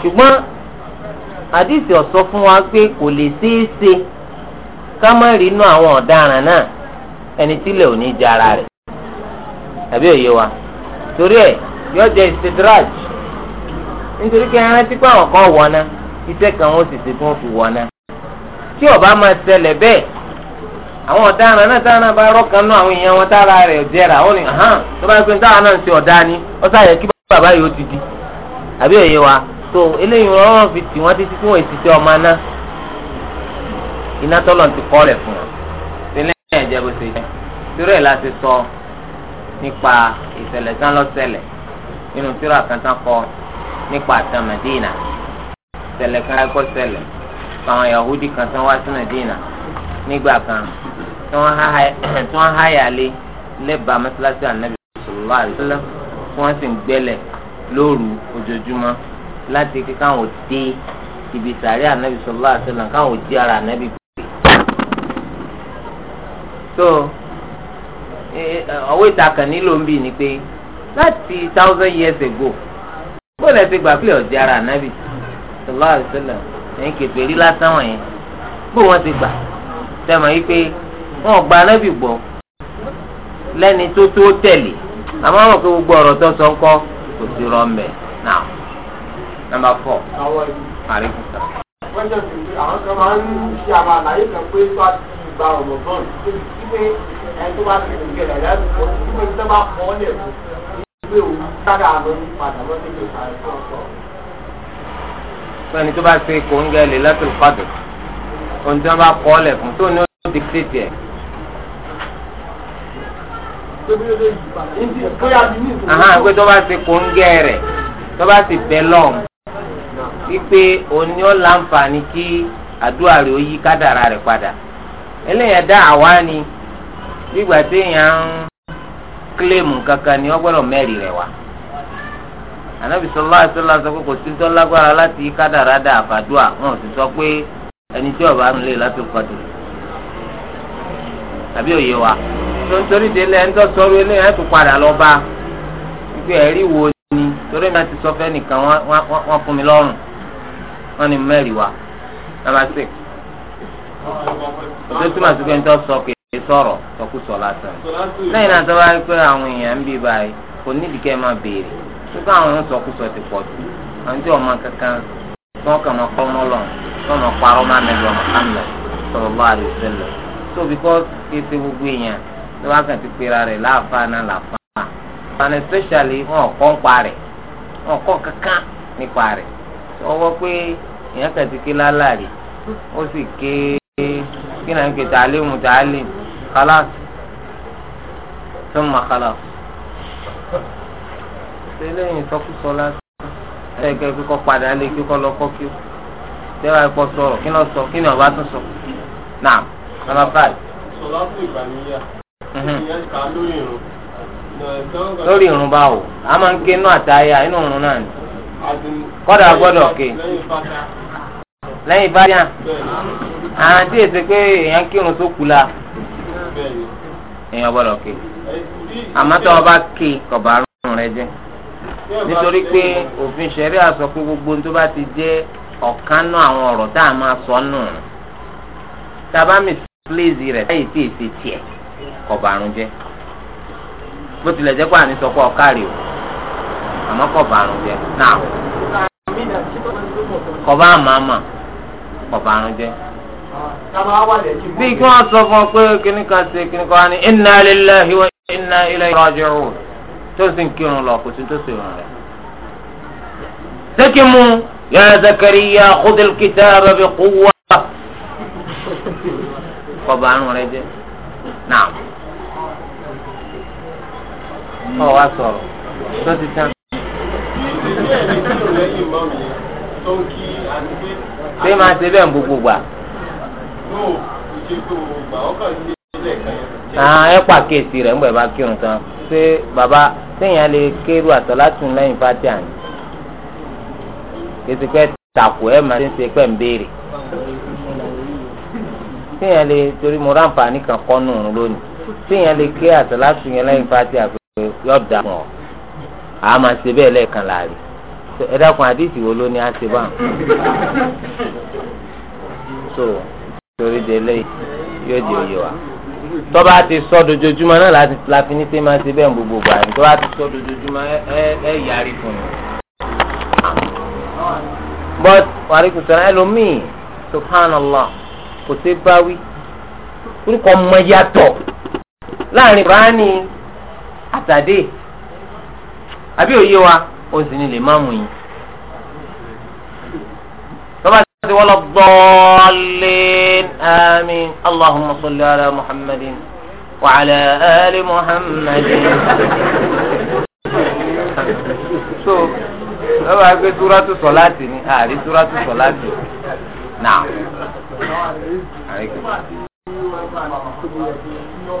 ṣùgbọ́n àdìsí ọ̀sọ́ fún wa pé kò lè ṣeé ṣe ká má rí inú àwọn ọ̀daràn náà ẹni tílẹ̀ ò ní jẹ ara rẹ̀ àbí òye wa torí ẹ̀ yóò jẹ ìsèdíraj nítorí kí ẹran tí pé àwọn kan wọ̀ ná iṣẹ́ kan ó sì ṣe tí wọ́n wọ̀ ná tí ó máa ṣẹlẹ̀ bẹ́ẹ̀ àwọn ọ̀daràn náà táwọn náà bá rọ́ọ̀kan náà àwọn èèyàn wọn tára rẹ̀ jẹ́ra àwọn ni hàn tó bá gbé táwọn náà ń ṣe ọ̀dà ni ó sáyẹ kí bàbá yìí ó ti di àbí òye wa tó eléyìí wọn fi tì wọn títí tí wọn ọmọ náà iná tọ́lọ̀ ti kọ́ rẹ̀ fún wọn sílẹ̀ ẹ̀jẹ̀ bó ṣe jẹ́ tíró ẹ̀ la ti sọ nípa ìṣẹ̀lẹ̀ tán lọ́sẹ̀lẹ̀ nínú tíró àkàntán kọ nípa àtàn Mẹdínà ìṣẹ̀lẹ̀ kan tí wọ́n háyà <clears throat> lé lẹ́bàá mọ́sálásí ànábì sallallahu alaihi tí wọ́n sì ń gbẹ́lẹ̀ lóru ojoojúmọ́ láti kí káwọn dé ibi sàárẹ̀ ànábì sallallahu alaihi káwọn dé ara ànábì pé. so ọwọ́ ìtakàn nílò ń bì ní pé láti thousand years ago bóyá ti gbà pé ọ̀dẹ́ ara ànábì sallallahu alaihi wasallam ẹ̀yìn kẹfẹ́ rí lásán wọ̀nyẹn bó wọ́n ti gbà sẹ́mọ̀ yìí pé wọn ò gba anábì gbọ́ lẹ́ni tó tó tẹ̀lé àmọ́ àwọn kò gbogbo ọ̀rọ̀ tó sọ ń kọ́ kò sí rọ́ọ̀mẹ̀ náà nàmbà fọ àríkù sá. wọ́n jẹ́ pé àwọn kan máa ń ṣe àwọn àlàyé kan pé tó a ti gba ọ̀nà bọ́ọ̀lù tó ti sí pé ẹni tó bá ti rìn gẹ̀rẹ̀ láti kọ́ sí pé tó bá kọ́ ọ́ lẹ̀ fún ìwé òun sára àlọ́ ní padà wọ́n ti lè fà ẹ̀ fún ọ̀sọ̀. pẹ́ni tó bá ṣe kòńgẹ́ lè lẹ́tọ̀ọ́ padà ohun tí wọ́n bá kọ́ ọ́ lẹ̀ fún tó ní ó dikítì ẹ̀ pé tó bá ti kóńgẹ́ rẹ̀ tó bá ti bẹ́ lọ́m wípé òní ó láǹfààní kí àdúrà rẹ̀ ó yí kádàrà rẹ̀ padà eléyàn dá àwa ni nígbà tí èèyàn ń kílèmù kankan ni wọ́n gbọ́dọ̀ mẹ́rin rẹ̀ wá anabi sọlá àtúnlá sọ pé kò sí tó lágbára láti yí kádàrá dà àfàdúà wọn ò sì sọ pé ẹni tí ọba ń lè láti kọjú tàbí òye wa nítorí délé ẹni tó sọ wílé ẹ tún padà lọ bá wípé ẹ̀rí wo ni torí mi ti sọ fẹ́ nìkan wọ́n fún mi lọ́rùn wọ́n ní mẹ́rin wa nàbà six tó túmọ̀ sí pé ń tọ́ sọ pé sọ̀rọ̀ sọkúsọ lásán lẹ́yìn náà tó bá rí pé àwọn èèyàn ń bí báyìí kò ní ìdíkẹ́ máa béèrè ṣùgbọ́n àwọn sọkúsọ ti pọ̀ jù àwọn tí ọmọ kankan tí wọ́n kàn máa kọ́ mọ́ lọ́n tí wọ́n máa parọ́ máa nẹ́gbẹ̀ẹ́ ọmọ kánlẹ̀ sọ̀rọ̀ bá àdìsẹ́lẹ̀ so tí wọ́n kàn ti pera rẹ̀ láàfáà náà làfáà and especially wọn ò kọ́ ń pa rẹ̀ wọn ò kọ́ kankan nípa rẹ̀ ọwọ́ pé èèyàn kàn ti ké lálàrí ó sì ké kí náà ń pè tàlímù tàlím kálás tó mà kálás eléyìí sọkúsọ lásán ẹgbẹ́ kíkọ́ padà lé kíkọ́ lọ́kọ́ kí ó tẹ́wàá ẹ̀kọ́ sọ̀rọ̀ kí náà sọ kí ni ọba tún sọ náà nàbàbáyì. sọlá fún ìgbà níyà lórí irun báwo a máa ń ké inú àtàyà inú irun náà ni kọ́dà gbọ́dọ̀ ké lẹ́yìn fáyà àti èsì pé èèyàn kírun tó kú la èèyàn gbọ́dọ̀ ké àmọ́ tó o bá ké kọ̀bá rún rẹ jẹ́ nítorí pé òfin ṣẹ̀rí àsọ pé gbogbo tó bá ti jẹ́ ọ̀kan náà àwọn ọ̀rọ̀ tá a máa sọ nù tá a bá mi sílẹ̀ rẹ̀ láyé tí èsì tiẹ̀ kọ̀bàrún jẹ́ bó tilẹ̀ jẹ́ pé àní sọ pé ọ̀kárì o àmọ́ kọ̀bàrún jẹ́ náà kọ̀bá àmàmà kọ̀bàrún jẹ́. bí kí wọ́n sọ fún ọ pé kíní kan ṣe kíní kan wá ní inna lillahi wa inna ilayhi raji'un tó sì ń kírun lọ kò sí tó sì rìn rẹ̀. sẹ́kì mu ya Zakariya khudil kitaba bi quwwa kọ̀bàrún rẹ̀ jẹ́ náà ọ wá sọ̀rọ̀ tó ti tán. ṣé máa ṣe bẹ́ẹ̀ gbogbo gbà. Ah, ẹ pàkíyèsí rẹ̀ ńgbẹ̀ bá kírun tán ṣé bàbá téèyàn lè kéru àtọ̀látùn lẹ́yìn fátíà ni kìsì pé tàkù ẹ̀ máa ń ṣe pẹ̀ ń béèrè téèyàn lè torí mo ráǹfààní kan kọ́ nù lónìí téèyàn lè ké àtọ̀látùn yẹn lẹ́yìn fátíà pé yọ da mọ a máa ṣe bẹ́ẹ̀ lẹ́ẹ̀kan láàrin ẹ dákun àdìsí wo ló ní a ṣe bá so torí délé yóò di òye wa tọ́ba ti sọ dojoojúmọ́ náà láti láti ní sẹ́ máa ṣe bẹ́ẹ̀ gbogbo gbà ní tọ́ba ti sọ dojoojúmọ́ ẹ ẹ yàrí fún mi. but wàlíkù sọ̀rọ̀ ẹlòmíì subhanallah kò sí báwí orúkọ mọ yàtọ̀ láàrin báyìí àtàdé àbí òye wa ó sì ní lè má mú yín bàbá àti wọn lọ gbọ́ọ́lẹ́ àmín allahumma salli ala muhammadin wa ala ali muhammadin. so bàbá àgbẹ̀ túrọ́tù sọ̀láàtì ni àrí túrọ́tù sọ̀láàtì náà. Thank you.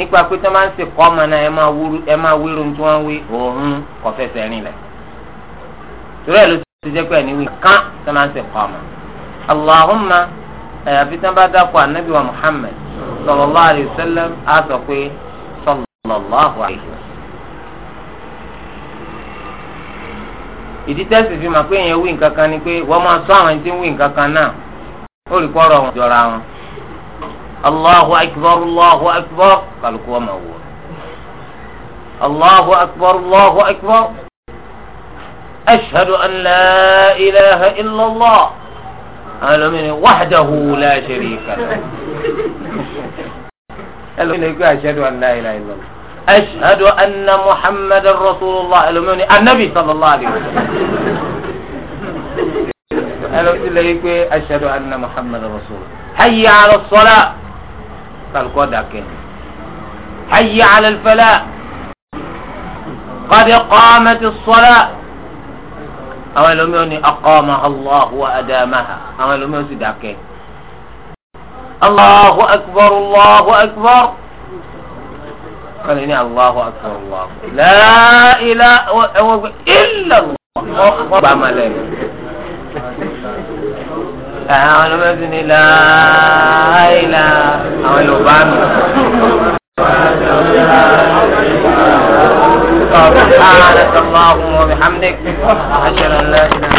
nípa pé tí wọ́n máa ń sèkọ́ ọmọ náà ẹ máa wérò tí wọ́n ń wé òun kò fẹsẹ̀ rìn lẹ̀. torí ló ti jẹ́ pé ẹni wí kán tí máa ń sèkọ́ ọmọ. allahumma àyàfi tí wọ́n bá dákọ̀ anabi wa muhammed sallallahu alayhi wa sallam á sọ pé sallallahu alayhi wa sallam. ìdí tẹ́sí fi mà pé èèyàn wí nǹkan kan ni pé wọ́n máa sọ àwọn tí ń wí nǹkan kan náà ó rí kọ́rọ̀ wọn الله أكبر الله أكبر قال هو ما هو الله أكبر الله أكبر أشهد أن لا إله إلا الله قال من وحده لا شريك له قال أشهد أن لا إله إلا الله أشهد أن محمد رسول الله ألومني النبي صلى الله عليه وسلم قال أشهد أن محمد رسول الله حي على الصلاة تلقوا داكن حي على الفلاء قد قامت الصلاة أولم يوني أقامها الله وأدامها أولم يوني داكن الله أكبر الله أكبر خليني الله أكبر الله لا إله إلا الله àwọn ọlọ́mọdé ní láàyèlá àwọn yorùbá mi. سبحانك اللهم وبحمدك أشهد أن لا إله